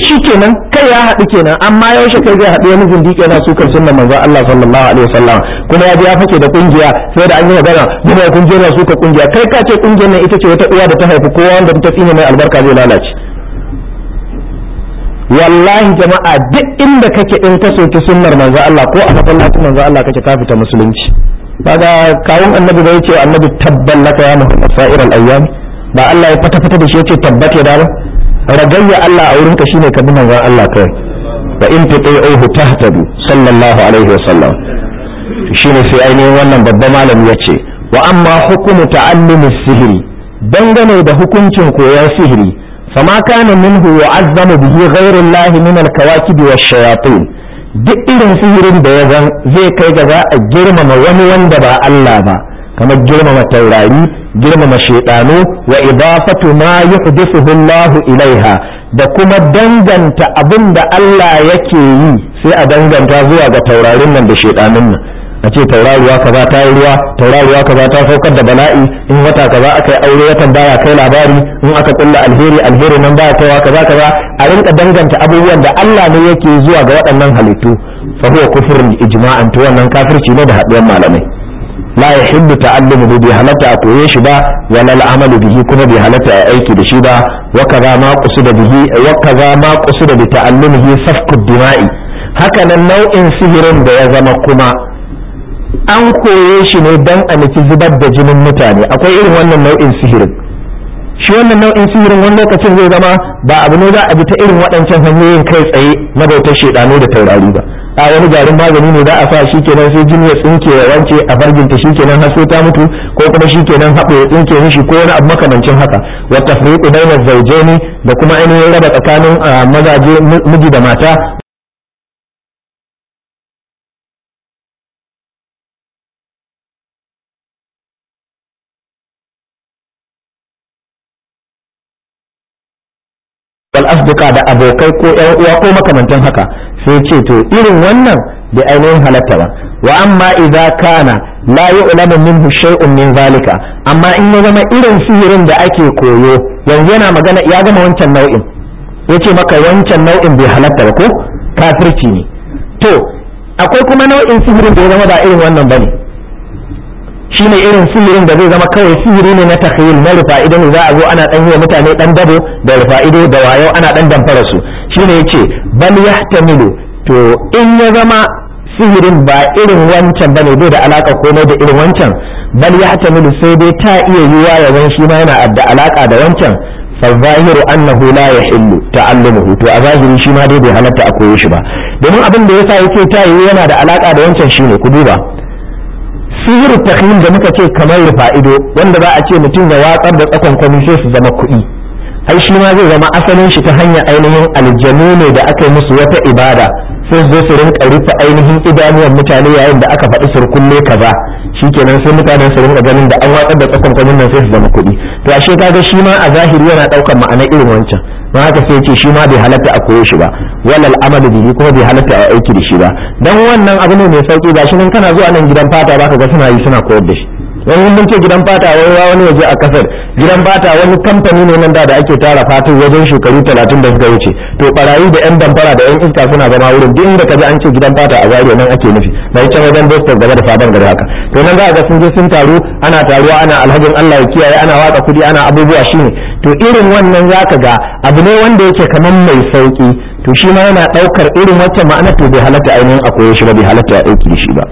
[SPEAKER 1] shi kenan kai ya haɗu kenan amma yaushe kai zai haɗu wani kenan yana sukar sunan manzo Allah sallallahu alaihi wasallam kuma ya je ya fake da kungiya sai da an yi magana kuma kun je na suka kungiya kai ka ce kungiyar nan ita ce wata uwa da ta haifi kowa wanda ta tsine mai albarka zai lalace wallahi jama'a duk inda kake in ka soki sunnar manzo Allah ko a masallacin manzo Allah kake ka fita musulunci kaga kawun annabi bai ce annabi tabban laka ya muhammad al ayyam ba Allah ya fata fata da shi yace tabbata da ba. ragayya Allah a wurinka shine ka bi manzon Allah kai wa in tuti'uhu tahtadu sallallahu alaihi wa sallam shine sai ainihin wannan babban malami yace wa amma hukumu ta'allimi sihiri dangane da hukuncin koyon sihiri fama kana minhu yu'azzamu bihi ghayru Allah min al-kawakib shayatin duk irin sihirin da ya zan zai kai ga za a girmama wani wanda ba Allah ba kamar girmama taurari girmama shaidanu wa idafatu ma yuhdithuhu Allah ilaiha da kuma danganta abin da Allah yake yi sai a danganta zuwa ga taurarin nan da shaidanun nan a ce tauraruwa kaza ta yi ruwa tauraruwa kaza ta saukar da bala'i in wata kaza aka yi aure watan baya kai labari in aka kulla alheri alheri nan baya kaiwa kaza kaza a rinka danganta abubuwan da Allah ne yake zuwa ga waɗannan halittu fa huwa kufrun ijma'an to wannan kafirci ne da haɗuwar malamai la yahibbu ta'allumu bi halatta a koye shi ba wala al'amalu bihi kuma bi halarta a aiki da shi ba wa kaza ma qusida bihi wa kaza ma qusida bi ta'allumihi safku nau'in sihirin da ya zama kuma an koye shi ne dan a nufi zubar da jinin mutane akwai irin wannan nau'in sihirin shi wannan nau'in sihirin wani lokacin zai zama ba abu ne za a bi ta irin waɗancan hanyoyin kai tsaye na bautar shaidanu da taurari ba a wani garin magani ne da a sa shi kenan sai jini ya tsinke ya wanke a farginta shi kenan har sai ta mutu ko kuma shi kenan haɓo ya tsinke mishi ko wani abu makamancin haka wa tafriqu bainaz zawjaini da kuma ainihin raba tsakanin ah, mazaje miji da mata wal asdiqa da abokai ko ƴan uwa ko makamantan haka sai ce to irin wannan da ainihin halatta ba wa amma idza kana la yu'lamu minhu shay'un min zalika amma in ya zama irin sihirin da ake koyo yanzu yana magana ya gama wancan nau'in yace maka wancan nau'in bai halatta ba ko kafirci ne to akwai kuma nau'in sihirin da ya zama ba irin wannan bane shine irin sihirin da zai zama kawai sihiri ne na takhyil na rufa za a zo ana dan yi mutane dan dabo da rufa ido da wayo ana dan damfara su shine yace bal milo to in ya zama sihirin ba irin wancan bane bai da alaka komai da irin wancan bal milo sai dai ta iya yiwa ya zan shi ma yana da alaka da wancan fa zahiru annahu la yahillu ta'allumuhu to a zahiri shi ma dai bai halatta a koyo shi ba domin abin da yasa yake ta yi yana da alaka da wancan shine ku duba sihirin takhim da muka ce kamar fa'ido wanda za a ce mutum ya watsar da tsakon kwami sai su zama kuɗi ai shi ma zai zama asalin shi ta hanyar ainihin aljanu ne da aka yi musu wata ibada sai zo su rinka rufe ainihin idanuwan mutane yayin da aka faɗi surkulle kaza shikenan sai mutanen su rinka ganin da an watsar da tsakon kwanin nan sai su zama kuɗi to ashe kaga shi ma a zahiri yana ɗaukar ma'anar irin wancan don haka sai ce shi ma bai halatta a koyo shi ba walal amalu bihi kuma bai halatta a aiki da shi ba dan wannan abu ne mai sauki gashi nan kana zuwa nan gidan fata baka ga suna yi suna koyar da shi wani mun ce gidan fata wai wani waje a kasar gidan fata wani kamfani ne nan da da ake tara fatun wajen shekaru talatin da suka wuce to barayi da yan damfara da yan iska suna zama wurin duk inda kaji an ce gidan fata a zariya nan ake nufi bai can wajen dostar gaba da fadan gari haka to nan za a ga sun je sun taru ana taruwa ana alhajin Allah ya kiyaye ana watsa kudi ana abubuwa shine to irin wannan zaka ga abu ne wanda yake kamar mai sauki to shi ma yana ɗaukar irin wacce ma'ana to bai halatta ainihin a koyo shi ba bai halatta a aiki shi ba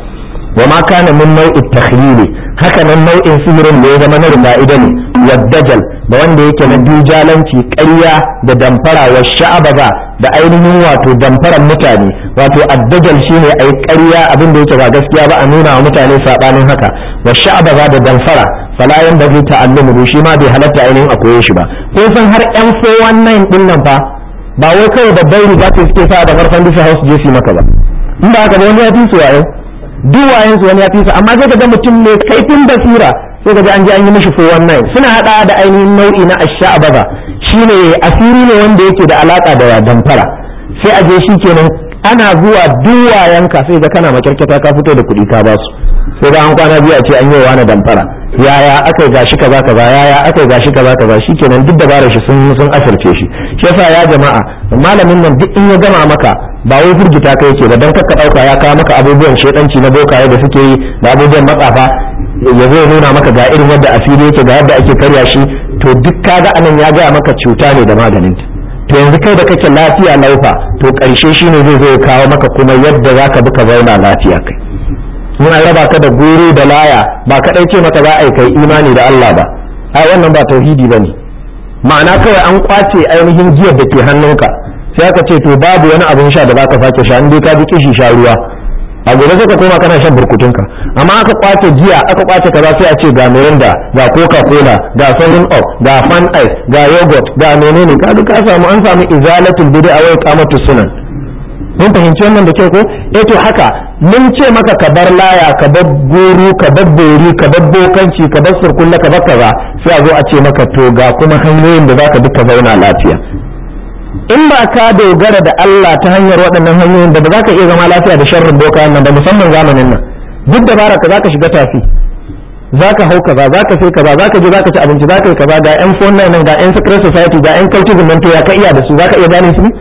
[SPEAKER 1] wa ma kana min nau'in takhyili haka nan nau'in sihirin da ya zama na riga idani wa dajal da wanda yake na dujalanci ƙarya da damfara wa sha'abaza da ainihin wato damfarar mutane wato addajal shine ai ƙarya abin da yake ba gaskiya ba a nuna wa mutane sabanin haka wa sha'abaza da damfara fala yan da ta'allumu shi ma bai halarta ainihin a koye shi ba kun san har yan 419 din nan fa ba wai kawai babban riga ce suke sa da farkon bisa house je maka ba in ba haka ba wani ya fi su duk su wani ya fi su amma sai ka ga mutum mai kaifin basira sai ka ji an je an yi mishi 419 suna hada da ainihin nau'i na shi shine asiri ne wanda yake da alaka da damfara sai a je shi kenan ana zuwa duwayen ka sai ga kana makyarkyata ka fito da kuɗi ka basu sai ga an kwana biyu a ce an yi wa na damfara yaya aka gashi kaza kaza yaya aka gashi kaza kaza shikenan duk dabarar shi sun sun asirce shi shi yasa ya jama'a malamin nan duk in ya gama maka ba wai furgita kai yake ba dan kaka dauka ya kawo maka abubuwan shedanci na bokaye da suke yi da abubuwan matsafa ya zo nuna maka ga irin wanda asiri yake ga yadda ake karya shi to duk kaga anan ya gaya maka cuta ne da maganin to yanzu kai da kake lafiya laufa to karshe shine zai zo ya kawo maka kuma yadda zaka bi ka zauna lafiya kai suna raba ka da goro da laya ba kaɗai ce mata za a yi kai imani da Allah ba ai wannan ba tauhidi ba ne ma'ana kawai an kwace ainihin jiya da ke hannunka sai aka ce to babu wani abin sha da zaka sake sha inda dai ka ji kishi sha ruwa a gobe sai ka koma kana shan burkutunka amma aka kwace jiya aka kwace kaza sai a ce ga Miranda ga Coca Cola ga sauran of ga fan Ice ga yogurt ga menene ka ka samu an samu izalatul bid'a wa iqamatus sunan mun fahimci wannan da kyau ko eh to haka mun ce maka ka bar laya ka bar goro ka bar bori ka bar bokanci ka bar surkulla ka bar kaza sai a zo a ce maka to ga kuma hanyoyin da zaka bi zauna lafiya in ba ka dogara da Allah ta hanyar waɗannan hanyoyin da ba za ka iya zama lafiya da sharrin boka nan da musamman zamanin nan duk da ka za ka shiga tafi za ka hau kaza za ka sai kaza za ka je za ka ci abinci za ka yi kaza ga yan phone nan ga yan secret society ga yan cultism nan ya ka iya da su za ka iya gane su ne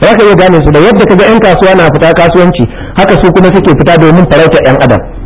[SPEAKER 1] za ka iya gane su da yadda kaga 'yan kasuwa na fita kasuwanci haka su kuma suke fita domin farauta 'yan adam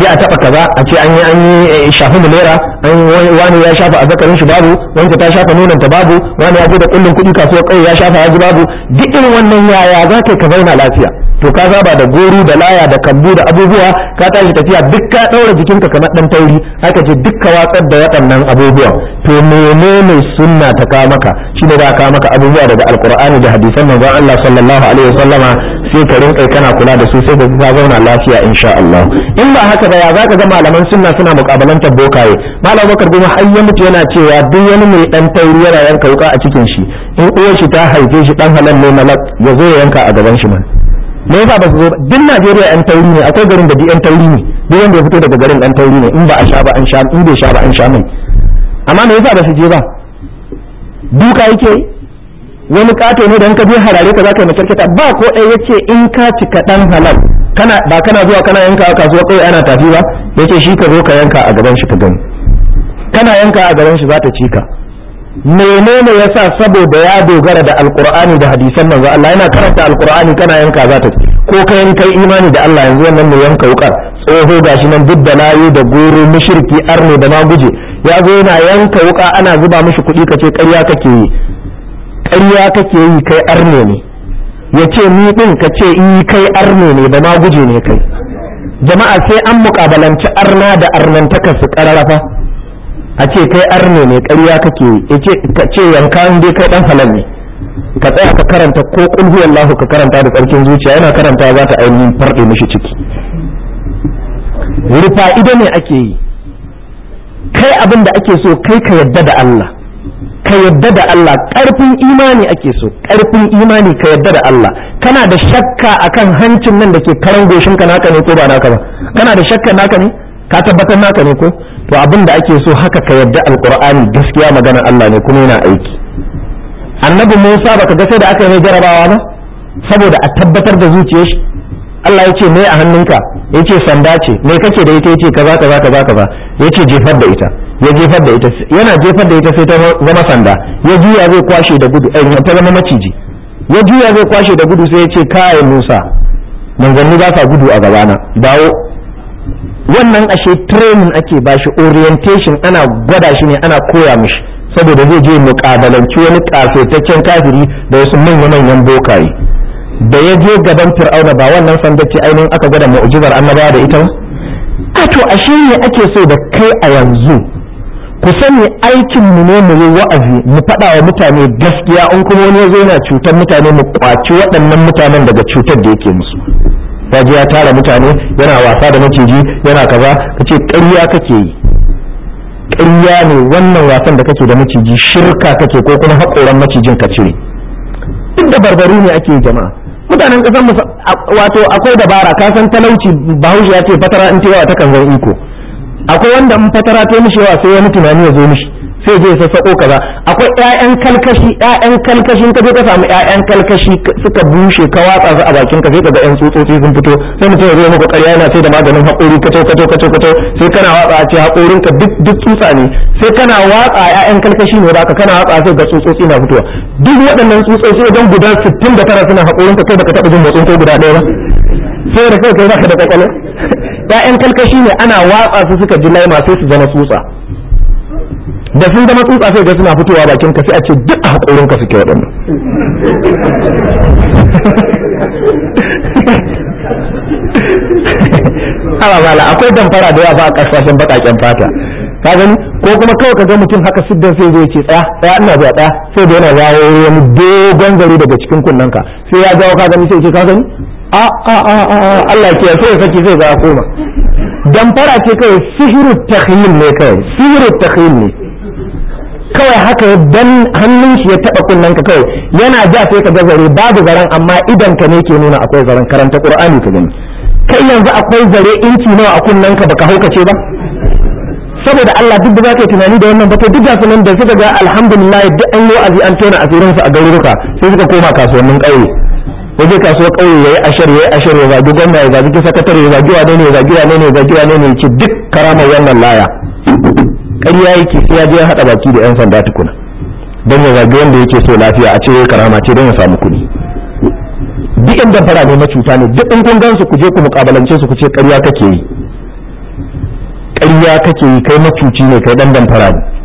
[SPEAKER 1] je a taɓa kaza a ce an yi an yi eh, shafi mulera an wani ya shafa azzakarin shi babu wanda ta shafa nonon ta babu wani ya je da kullun kudi kasuwar kai ya shafa ya babu duk irin wannan yaya za ka ka zauna lafiya to ka saba da goro da laya da kambu da abubuwa ka tashi tafiya duk ka ɗaura jikinka kamar ɗan tauri haka ce duk ka watsar da waɗannan abubuwa to menene sunna ta ka maka shine da ka maka abubuwa daga alkur'ani da hadisan manzon Allah sallallahu alaihi wasallama sai ka rinka kana kula da su sai ka zauna lafiya insha Allah in ba haka ba ya zaka ga malaman sunna suna tabbo bokaye malam Bakar Goma har mutu yana cewa duk wani mai dan tauri yana yanka wuka a cikin shi in uwar shi ta haife shi dan halal ne malak ya zo ya yanka a gaban shi man me yasa ba su zo duk Najeriya yan tauri ne akwai garin da duk yan tauri ne duk wanda ya fito daga garin dan tauri ne in ba a sha ba an sha in bai sha ba an sha mai amma me yasa ba su je ba duka yake wani kato ne da in ka je harare ka za ka yi makyarkyata ba ko ɗaya ya ce in ka ka ɗan halal ba kana zuwa kana yanka a kasuwa kawai ana tafi ba ya ce shi ka zo ka yanka a gaban shi ka gani kana yanka a gaban shi za ta ci ka menene ya sa saboda ya dogara da alkur'ani da hadisan manzo Allah yana karanta alkur'ani kana yanka za ta ci ko ka yanka imani da Allah yanzu wannan ne yanka wukar tsoho gashi nan duk da yi da goro mushirki arne da guje ya zo yana yanka wuka ana zuba mishi kuɗi kace ƙarya kake yi ƙarya kake yi kai arne ne ya ce ni ɗin ka ce yi kai arne ne ba ma guje ne kai jama'a sai an muƙabalanci arna da arnantaka su ƙararrafa a ce kai arne ne ƙarya kake yi ka ce yanka dai kai ɗan halal ne ka tsaya ka karanta ko kulhu Allahu ka karanta da tsarkin zuciya yana karanta za ta ainihin farɗe mishi ciki rufa ido ne ake yi kai abin da ake so kai ka yadda da Allah ka yadda da Allah ƙarfin imani ake so ƙarfin imani ka yadda da Allah kana da shakka akan hancin nan da ke karan goshinka naka ne ko ba naka ba kana da shakka naka ne ka tabbatar naka ne ko to abin da ake so haka ka yadda alqur'ani gaskiya maganar Allah ne kuma yana aiki annabi Musa baka ga sai da aka yi jarabawa ba saboda a tabbatar da zuciyar shi Allah ya ce me a hannunka ya ce sanda ce me kake da ita ya ce kaza kaza kaza kaza ya ce jefar da ita ya jefar da ita yana jefar da ita sai ta zama sanda ya juya zai kwashe da gudu ai eh, ta zama maciji ya juya zai kwashe da gudu sai ya ce kai Musa manzanni ba sa gudu a gabana dawo wannan ashe training ake ba shi orientation ana gwada shi ne ana koya mishi saboda zai je muƙabalanci wani kasaitaccen kafiri da wasu manyan manyan bokaye da ya je gaban fir'auna ba wannan sanda ce ainihin aka gwada mu'jizar annabawa da ita a to ashe ne ake so da kai a yanzu ku sani aikin mu ne mu yi wa'azi mu faɗa wa mutane gaskiya in kuma wani yazo yana cutar mutane mu kwaci waɗannan mutanen daga cutar da yake musu ta ya tara mutane yana wasa da maciji yana kaza kace ƙarya kake yi ƙarya ne wannan wasan da kake da maciji shirka kake ko kuma haƙoran macijin ka ce duk da barbaru ne ake jama'a mutanen ƙasar wato akwai dabara kasan talauci bahaushe ya ce fatara in ta yawa takan zan iko akwai wanda in fatara ta mishi yawa sai wani tunani ya zo mishi sai je sassaƙo kaza akwai ƴaƴan kalkashi ƴaƴan kalkashi ka je ka samu ƴaƴan kalkashi suka bushe ka watsa su a bakin ka sai ka ga ƴan tsutsotsi sun fito sai mutum ya zo maka ƙarya yana sai da maganin haƙori kato kato kato kato sai kana watsa a ce haƙorin ka duk duk tsutsa ne sai kana watsa ƴaƴan kalkashi ne ka kana watsa sai ga tsutsotsi na fitowa duk waɗannan tsutsotsi idan guda 69 suna haƙorin ka kai baka taɓa jin motsin ko guda ɗaya ba sai da kai kai baka da kwakwalwa ƴaƴan kalkashi ne ana watsa su suka ji laima sai su zama tsutsa da sun zama tsutsa sai ga suna fitowa bakin ka sai a ce duk a hakorin ka suke waɗannan ala bala akwai damfara da yawa a kasashen baƙaƙen fata ka gani ko kuma kawai ka ga mutum haka siddan sai zai ce tsaya tsaya ina zuwa tsaya sai da yana zawo wani dogon zare daga cikin kunnen sai ya jawo ka gani sai ce ka gani a a a Allah ke sai ya saki zai ga koma dan fara ce kai sihiru takhil ne kai sihiru takhil ne kawai haka dan hannun shi ya taba kunnen ka kai yana ja sai ka gazare babu zaren amma idan ka ne ke nuna akwai zaren karanta qur'ani ka gani kai yanzu akwai zare inci nawa a kunnan ka baka haukace ba saboda Allah duk da za ka yi tunani da wannan ba to duk da sunan da suka ga alhamdulillah duk an yi wa'azi an tona asirin su a garuruka sai suka koma kasuwannin ƙauye waje kasuwar ƙauye ya yi ashar ya yi ashar ya zagi gwamna ya zagi sakatare ya zagi wane ne ya zagi wane ne ya zagi wane ne ce duk karamar wannan laya ƙarya yake sai ya je ya haɗa baki da 'yan sanda tukuna don ya zagi wanda yake so lafiya a ce karama ce don ya samu kuɗi duk in damfara ne na cuta ne duk in kun gansu ku je ku mukabalance su ku ce ƙarya kake yi ƙarya kake yi kai macuci ne kai dan damfara ne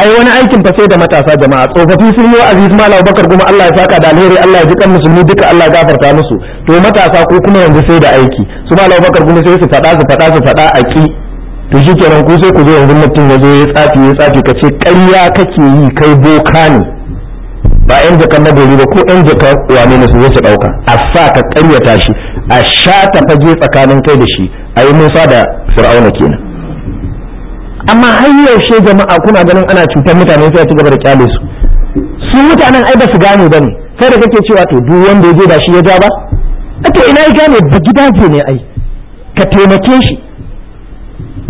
[SPEAKER 1] ai wani aikin fa sai da matasa jama'a tsofaffi sun yi aziz malam abubakar kuma Allah ya saka da alheri Allah ya ji kan musulmi duka Allah ya gafarta musu to matasa ko kuma yanzu sai da aiki su malam abubakar kuma sai su faɗa su faɗa su faɗa a ki to shi kenan ku sai ku zo yanzu mutum ya zo ya tsafi ya tsafi ka ce ƙarya kake yi kai boka ne ba yan jakan na gari ba ko yan jaka wane ne su zo su ɗauka a sa ka ƙaryata shi a shata fage tsakanin kai da shi a musa da fir'auna kenan amma har yaushe jama'a kuna ganin ana cutar mutane sai ci gaba da kyale su su mutanen ai ba su gane ba ne sai da kake cewa to duk wanda ya je ba shi ya ja ba a to ina ya gane da gidaje ne ai ka taimake shi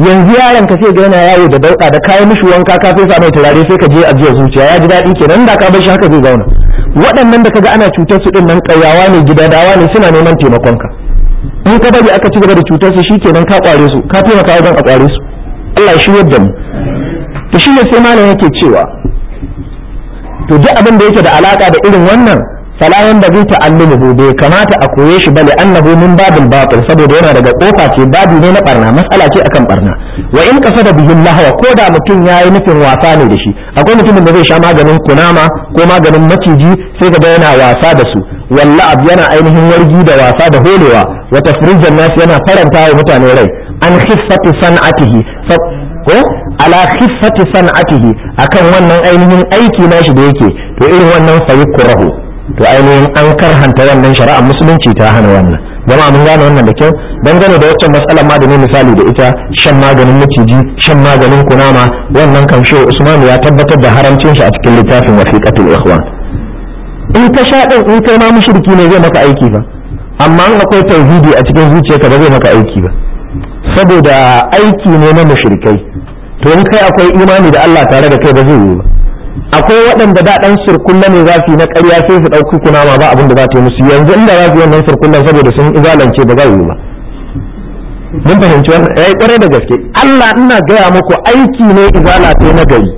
[SPEAKER 1] yanzu yaron ka sai ga yana yawo da dauka da kayan mishi wanka ka fesa mai turare sai ka je a jiya zuciya ya ji daɗi kenan da ka bar shi haka zai zauna waɗannan da kaga ana cutar su din nan ƙayawa ne gidadawa ne suna neman taimakon ka in ka bari aka ci gaba da cutar su shikenan ka kware su ka taimaka wajen a kware su Allah ya shigar da mu to ne sai malam yake cewa to duk abin da yake da alaka da irin wannan fala da zai ta'allumu bai kamata a koye shi bale annahu min babul batil saboda yana daga kofa ce babu ne na barna mas'ala ce akan barna wa in kasada bihi allah ko da mutum yayi nufin wasa ne da shi akwai mutumin da zai sha maganin kunama ko maganin maciji sai ga yana wasa da su walla yana ainihin wargi da wasa da holewa wa tafrijan nas yana faranta wa mutane rai an khiffati san'atihi ko ala khiffati san'atihi akan wannan ainihin aiki shi da yake to irin wannan fa yukrahu to ainihin an karhanta wannan shari'a musulunci ta hana wannan jama'a mun gane wannan da kyau dangane da waccan matsalar ma da ne misali da ita shan maganin maciji shan maganin kunama wannan kan shi Usman ya tabbatar da haramcin shi a cikin littafin wasiqatul ikhwan in ka sha din in kai ma mushriki ne zai maka aiki ba amma in akwai tauhidi a cikin zuciyarka ba zai maka aiki ba saboda aiki ne na mushrikai to in kai akwai imani da Allah tare da kai ba zai yi ba akwai waɗanda da ɗan surkulla ne za su yi na ƙarya sai su ɗauki kunama ba abin da za ta yi musu yanzu inda za su yi wannan sirkullan saboda sun izalance ba za yi ba mun fahimci wannan eh ƙwarai da gaske Allah ina gaya muku aiki ne izala ta na gari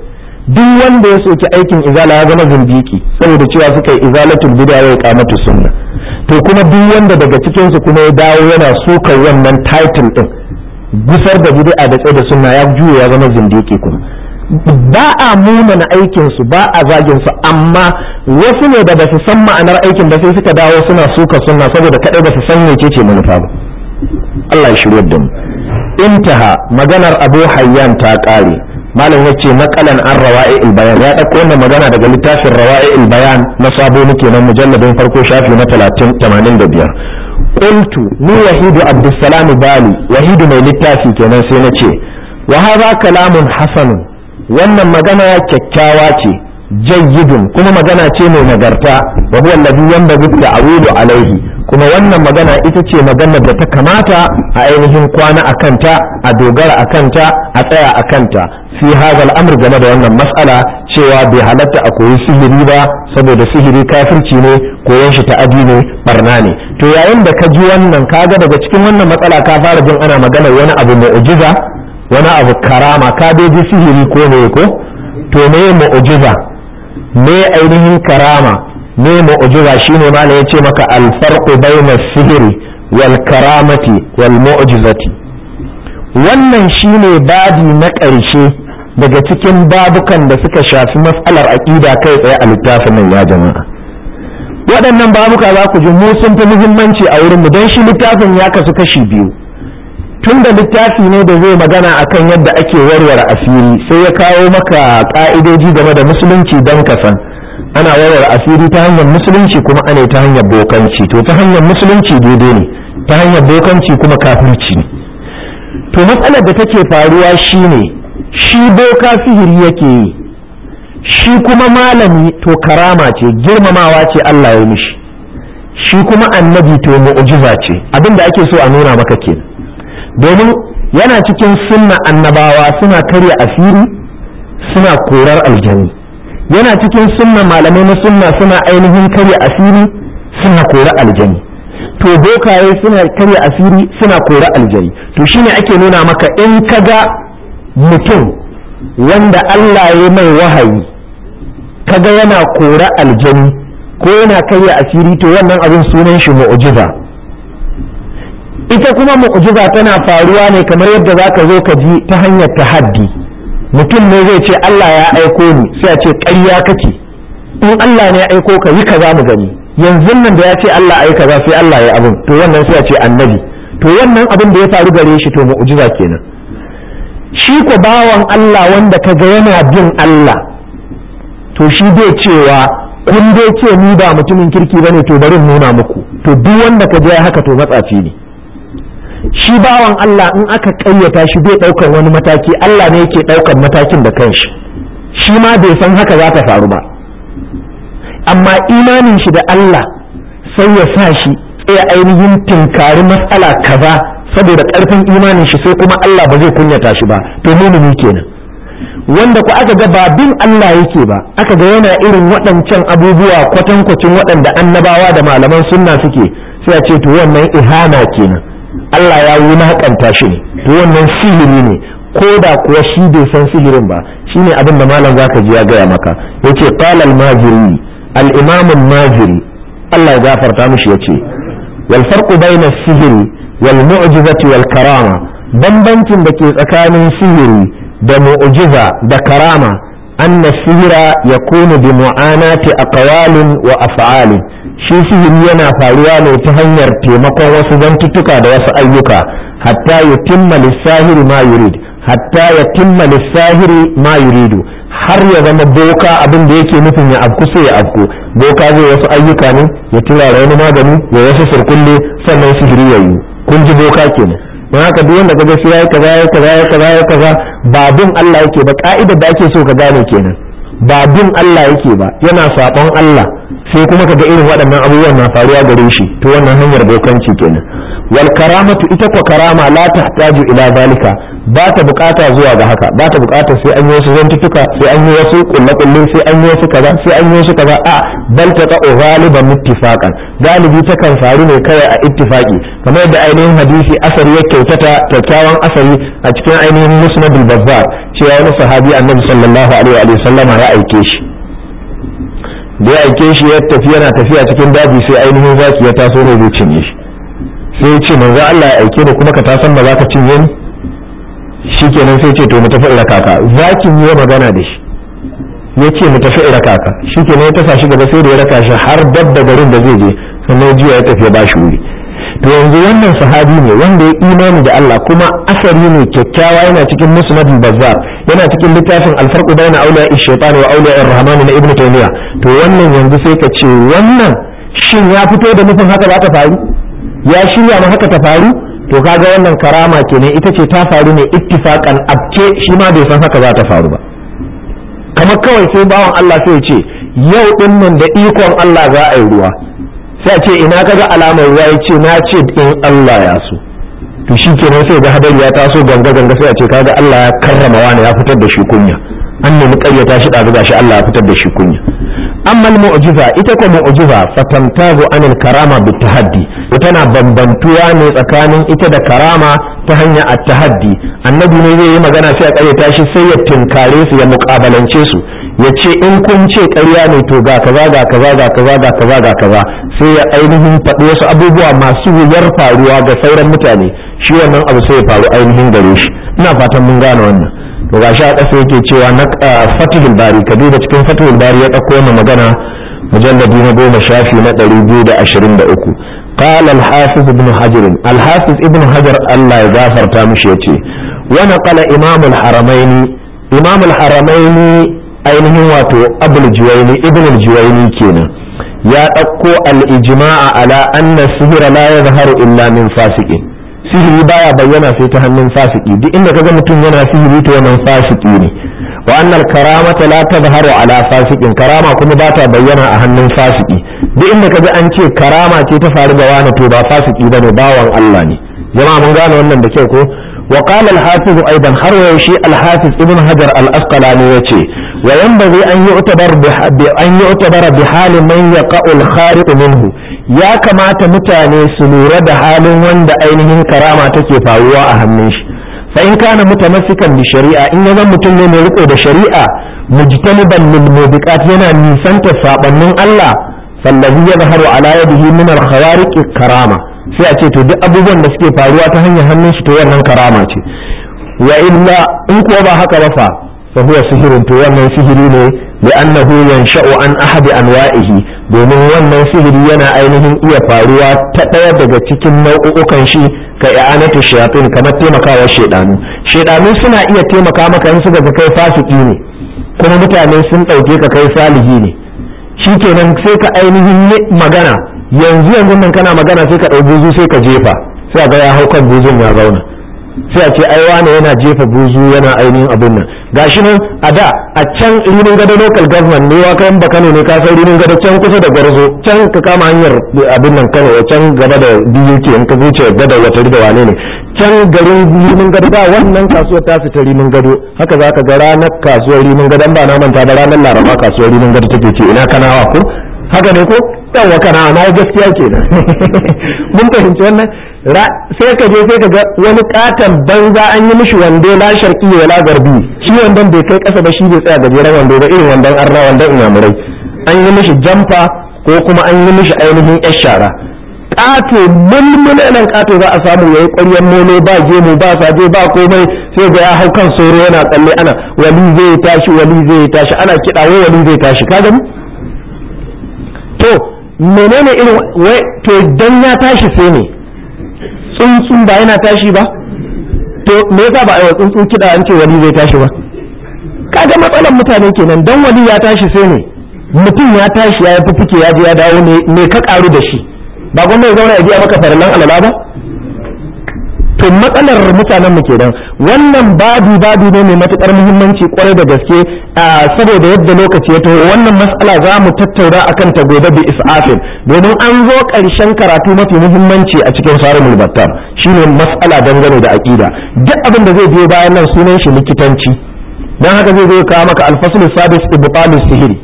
[SPEAKER 1] duk wanda ya soki aikin izala ya zama zindiki saboda cewa suka yi izalatul bid'a wa iqamatus sunna to kuma duk wanda daga cikin su kuma ya dawo yana sukar wannan title din gusar da bid'a da tsaye da sunna ya juya ya zama zindiki kuma ba a munana aikin su ba a zagin su amma wasu ne da ba su san ma'anar aikin ba sai suka dawo suna suka sunna saboda kadai ba su san mece ce manufa ba Allah ya shirya da mu intaha maganar Abu Hayyan ta kare malam yace makalan an rawa'i bayan ya dauko wannan magana daga littafin rawa'i bayan na sabo muke nan mujalladin farko shafi na 30 85 qultu ni wahidu abdussalam bali wahidu mai littafi kenan sai nace wa hadha kalamun hasanun wannan magana kyakkyawa ce jayyidun kuma magana ce mai nagarta wa huwa alladhi yanbaghi a alaihi kuma wannan magana ita ce maganar da ta kamata a ainihin kwana a kanta a dogara a kanta a tsaya a kanta fi hazal amr game da wannan matsala cewa bai halatta a koyi sihiri ba saboda sihiri kafirci ne koyon shi ta'adi ne barna ne to yayin da ka ji wannan kaga daga cikin wannan matsala ka fara jin ana magana wani abu mu'jiza wani abu karama ka dai sihiri ko ne ko to me mu'jiza me ainihin karama shi ne shine malai yace maka alfarqu bayna sihiri wal karamati wal mu'jizati wannan shine babi na ƙarshe daga cikin babukan da suka shafi matsalar aƙida kai tsaye a littafin nan ya jama'a waɗannan babuka za ku ji mu sun fi muhimmanci a wurin wurinmu don shi littafin ya kasu kashi biyu tun da littafi ne da zai magana akan yadda ake warware asiri sai ya kawo maka ƙa'idoji game da musulunci don kasan ana wayar asiri ta hanyar musulunci kuma ana ta hanyar bokanci to ta hanyar musulunci daidai ne ta hanyar bokanci kuma kafirci ne to matsalar da take faruwa shine shi boka sihiri yake yi shi kuma malami to karama ce girmamawa ce Allah ya mishi shi kuma annabi to mu'jiza ce abinda ake so a nuna maka kenan domin yana cikin sunna annabawa suna karya asiri suna korar aljanna yana cikin sunna malamai na sunna suna ainihin karya asiri suna kori aljani to bokaye suna karya asiri suna kori aljani to shine ake nuna maka in ka ga mutum wanda Allah ya mai wahayi kaga yana kora aljani ko yana karya asiri to wannan abin sunan shi mu'jiza ita kuma mu'jiza tana faruwa ne kamar yadda zaka zo ka ji ta hanyar tahaddi mutum ne zai ce Allah ya aiko ni sai a ce ƙarya kake in Allah ne ya aiko ka yi kaza mu gani yanzu nan da ya ce Allah ai kaza sai Allah ya abin to wannan sai a ce annabi to wannan abin da ya faru gare shi to mu'jiza kenan shi ko bawan Allah wanda ka ga yana bin Allah to shi bai cewa kun dai ce ni ba mutumin kirki bane to bari nuna muku to duk wanda ka ga haka to matsafi ne shi bawan Allah in aka kayyata shi bai ɗaukar wani mataki Allah ne yake ɗaukar matakin da kanshi shi ma bai san haka za ta faru ba amma imanin shi da Allah sai ya sa shi sai ya ainihin tunkari matsala kaza saboda ƙarfin imanin shi sai kuma Allah ba zai kunyata shi ba to mumini kenan wanda ku aka ga ba bin Allah yake ba aka ga yana irin waɗancan abubuwa kwatankwacin waɗanda annabawa da malaman sunna suke sai a ce to wannan ihana kenan Allah ya wulakanta shi ne to wannan sihiri ne ko da kuwa shi bai san sihirin ba shine abin da malam zaka ji ya gaya maka yace ce al-majiri al-imam al-majiri Allah ya gafarta mishi yace wal farqu bayna as wal mu'jizati wal karama bambancin da ke tsakanin sihiri da mu'jiza da karama anna sihira yakunu bi mu'anati aqwalin wa af'alin shi sihiri yana faruwa ne ta hanyar taimakon wasu zantuttuka da wasu ayyuka hatta ya timma lissahiru ma yurid hatta ya timma lissahiru ma yuridu har ya zama boka abin da yake nufin ya afku sai ya afku boka zai wasu ayyuka ne ya turara wani magani ya wasu sirkulle sannan sihiri ya yi kun ji boka kenan don haka duk wanda kaga sai ya kaza ya kaza ya kaza ya kaza ba bin Allah yake ba ka'idar da ake so ka gane kenan ba bin Allah yake ba yana sabon Allah sai kuma ka ga irin waɗannan abubuwan na faruwa gare shi to wannan hanyar bokanci kenan wal karamatu ita ko karama la tahtaju ila zalika ba ta bukata zuwa ga haka ba ta bukata sai an yi wasu zantutuka sai an yi wasu kulle kulle sai an yi wasu kaza sai an yi wasu kaza a bal ta ka ghaliban ittifaqan galibi ta kan faru ne kawai a ittifaqi kamar da ainihin hadisi asari ya kyautata kyakkyawan asari a cikin ainihin musnadul bazzar cewa wani sahabi annabi sallallahu alaihi wa sallama ya aike shi da ya aike shi ya tafi yana tafiya cikin daji sai ainihin zaki ya taso ne zai cinye shi sai ce za Allah ya aike ni kuma ka ta san ba za ka cinye ni shikenan sai ce to mu tafi ira kaka zakin yi magana da shi ya ce mu tafi ira kaka shikenan ya tasa shi gaba sai da ya raka shi har dab da garin da zai je sannan jiya ya tafi ya ba shi wuri to yanzu wannan sahabi ne wanda ya imani da Allah kuma asari ne kyakkyawa yana cikin musnadul bazzar yana cikin littafin alfarqu baina awliya ash-shaytan wa awliya ar-rahman na ibnu taymiya to wannan yanzu sai ka ce wannan shin ya fito da nufin haka za ta faru ya shirya ma haka ta faru to kaga wannan karama kenan ita ce ta faru ne ittifaqan abke shi ma bai san haka za ta faru ba kamar kawai sai bawan Allah sai ya ce yau din da ikon Allah za a yi ruwa sai ce ina kaga alamar ruwa ya ce na ce in Allah ya so to shi kenan sai ga hadari ya taso ganga ganga sai a ce kaga Allah ya karrama wani ya fitar da shi kunya an nemi ta shi ɗazu shi Allah ya fitar da shi kunya amma mu'jiza ita ko mu'jiza fatamtazu anil karama bitahaddi tana bambantuwa ne tsakanin ita da karama ta hanyar at-tahaddi annabi ne zai yi magana sai a karyata shi sai ya tinkare su ya mukabalance su ya ce in kun ce ƙarya ne to ga kaza ga kaza ga kaza ga kaza ga kaza sai ya ainihin faɗi wasu abubuwa masu wuyar faruwa ga sauran mutane shi wannan abu sai ya faru ainihin gare shi ina fatan mun gane wannan to gashi a ƙasa yake cewa na fatihul bari ka duba cikin fatihul bari ya ɗauko wannan magana mujalladi na goma shafi na ɗari biyu da ashirin da uku قال الحافظ ابن حجر الحافظ ابن حجر الله يغفر تامش يتي ونقل إمام الحرمين إمام الحرمين أينه واتو أبو الجويني ابن الجويني كينا ya ɗauko al'ijima'a ala anna sihira la ya zaharu illa min fasiki sihiri baya bayyana sai ta hannun fasiki duk inda kaga mutum yana sihiri to wannan fasiki ne wa annal karamata la tazharu ala fasikin karama kuma ba ta bayyana a hannun fasiki duk inda kaga an ce karama ce ta faru da wani to ba fasiki bane bawan Allah ne jama'a mun gane wannan da kyau ko wa qala al-hafiz aidan har wa shi al-hafiz ibn hajar al-asqalani yace wa yanbaghi an yu'tabar bi an yu'tabara bi hali man yaqa'u al ya kamata mutane su lura da halin wanda ainihin karama take faruwa a hannun shi fa in kana mutamassikan bi shari'a in ya mutum ne mai riko da shari'a mujtaniban lil mubiqat yana nisanta sabannin Allah fallazi yadhharu ala yadihi min al karama sai a ce to duk abubuwan da suke faruwa ta hanyar hannun shi to wannan karama ce wa illa in kuwa ba haka ba fa fa huwa sihirun to wannan sihiri ne li annahu yansha'u an ahadi anwa'ihi domin wannan sihiri yana ainihin iya faruwa ta ɗaya daga cikin nau'ukan shi ka i'anatu shayatin kamar taimakawa shaidanu shedanu suna iya taimaka maka in suka ga kai fasiki ne kuma mutane sun ɗauke ka kai salihi ne shi kenan sai ka ainihin magana yanzu yanzu nan kana magana sai ka ɗau buzu sai ka jefa sai ga ya hau kan buzun ya zauna sai a ce ai wane yana jefa buzu yana ainihin abin nan gashi nan a da a can rinin gado local government ne wa kayan bakano ne ka san rinin gado can kusa da gwarzo can ka kama hanyar abin nan kano can gaba da duk in ka zuce gada wata da wane ne can garin rinin gado ba wannan kasuwar tasu ta rinin gado haka za ka ga ranar kasuwar rinin gado ba na manta da ranar laraba kasuwar rinin gado take ce ina kanawa ko haka ne ko yawa kana na gaskiya kenan [laughs] mun fahimci wannan sai ka je sai ka ga wani katon banza an yi mishi wando na sharki wa na garbi shi wandon bai kai kasa ba shi bai tsaya gajeren wando ba irin wandon arna wandon inyamurai an yi mishi jamfa ko kuma an yi mishi ainihin yar shara kato mulmula nan kato za a samu yayi ƙwaryen nono ba gemu ba saje ba komai sai ga ya hau kan soro yana tsalle ana wali zai tashi wali zai tashi ana kiɗa wai wali zai tashi ka gani to menene irin wai to dan ya tashi sai ne tsuntsun ba yana tashi ba to me yasa ba a yi tsuntsun kiɗa an ce wani zai tashi ba kaga matsalar mutane kenan dan wali ya tashi sai ne mutum ya tashi ya fuffuke ya je ya dawo ne me ka karu da shi ba gwamnati zauna ya biya maka farillan alala ba to matsalar mutanen mu kenan wannan babu babu ne mai matukar muhimmanci kwarai da gaske saboda yadda lokaci ya taho wannan matsala za mu tattauna akan ta gobe bi isafin domin an zo karshen karatu mafi muhimmanci a cikin sarumul battar shine matsala dangane da aqida duk abin da zai biyo bayan nan sunan shi likitanci dan haka zai zo kawo maka alfasul sadis ibtalu sihiri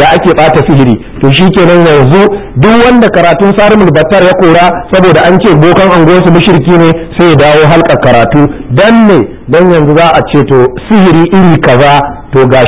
[SPEAKER 1] ya ake bata sihiri to shi ke nan yanzu duk wanda karatun sarimul battar ya kora saboda an ce bokan anguwarsu mushirki ne sai ya dawo halka karatu dan ne dan yanzu za a ce to sihiri iri kaza to gashi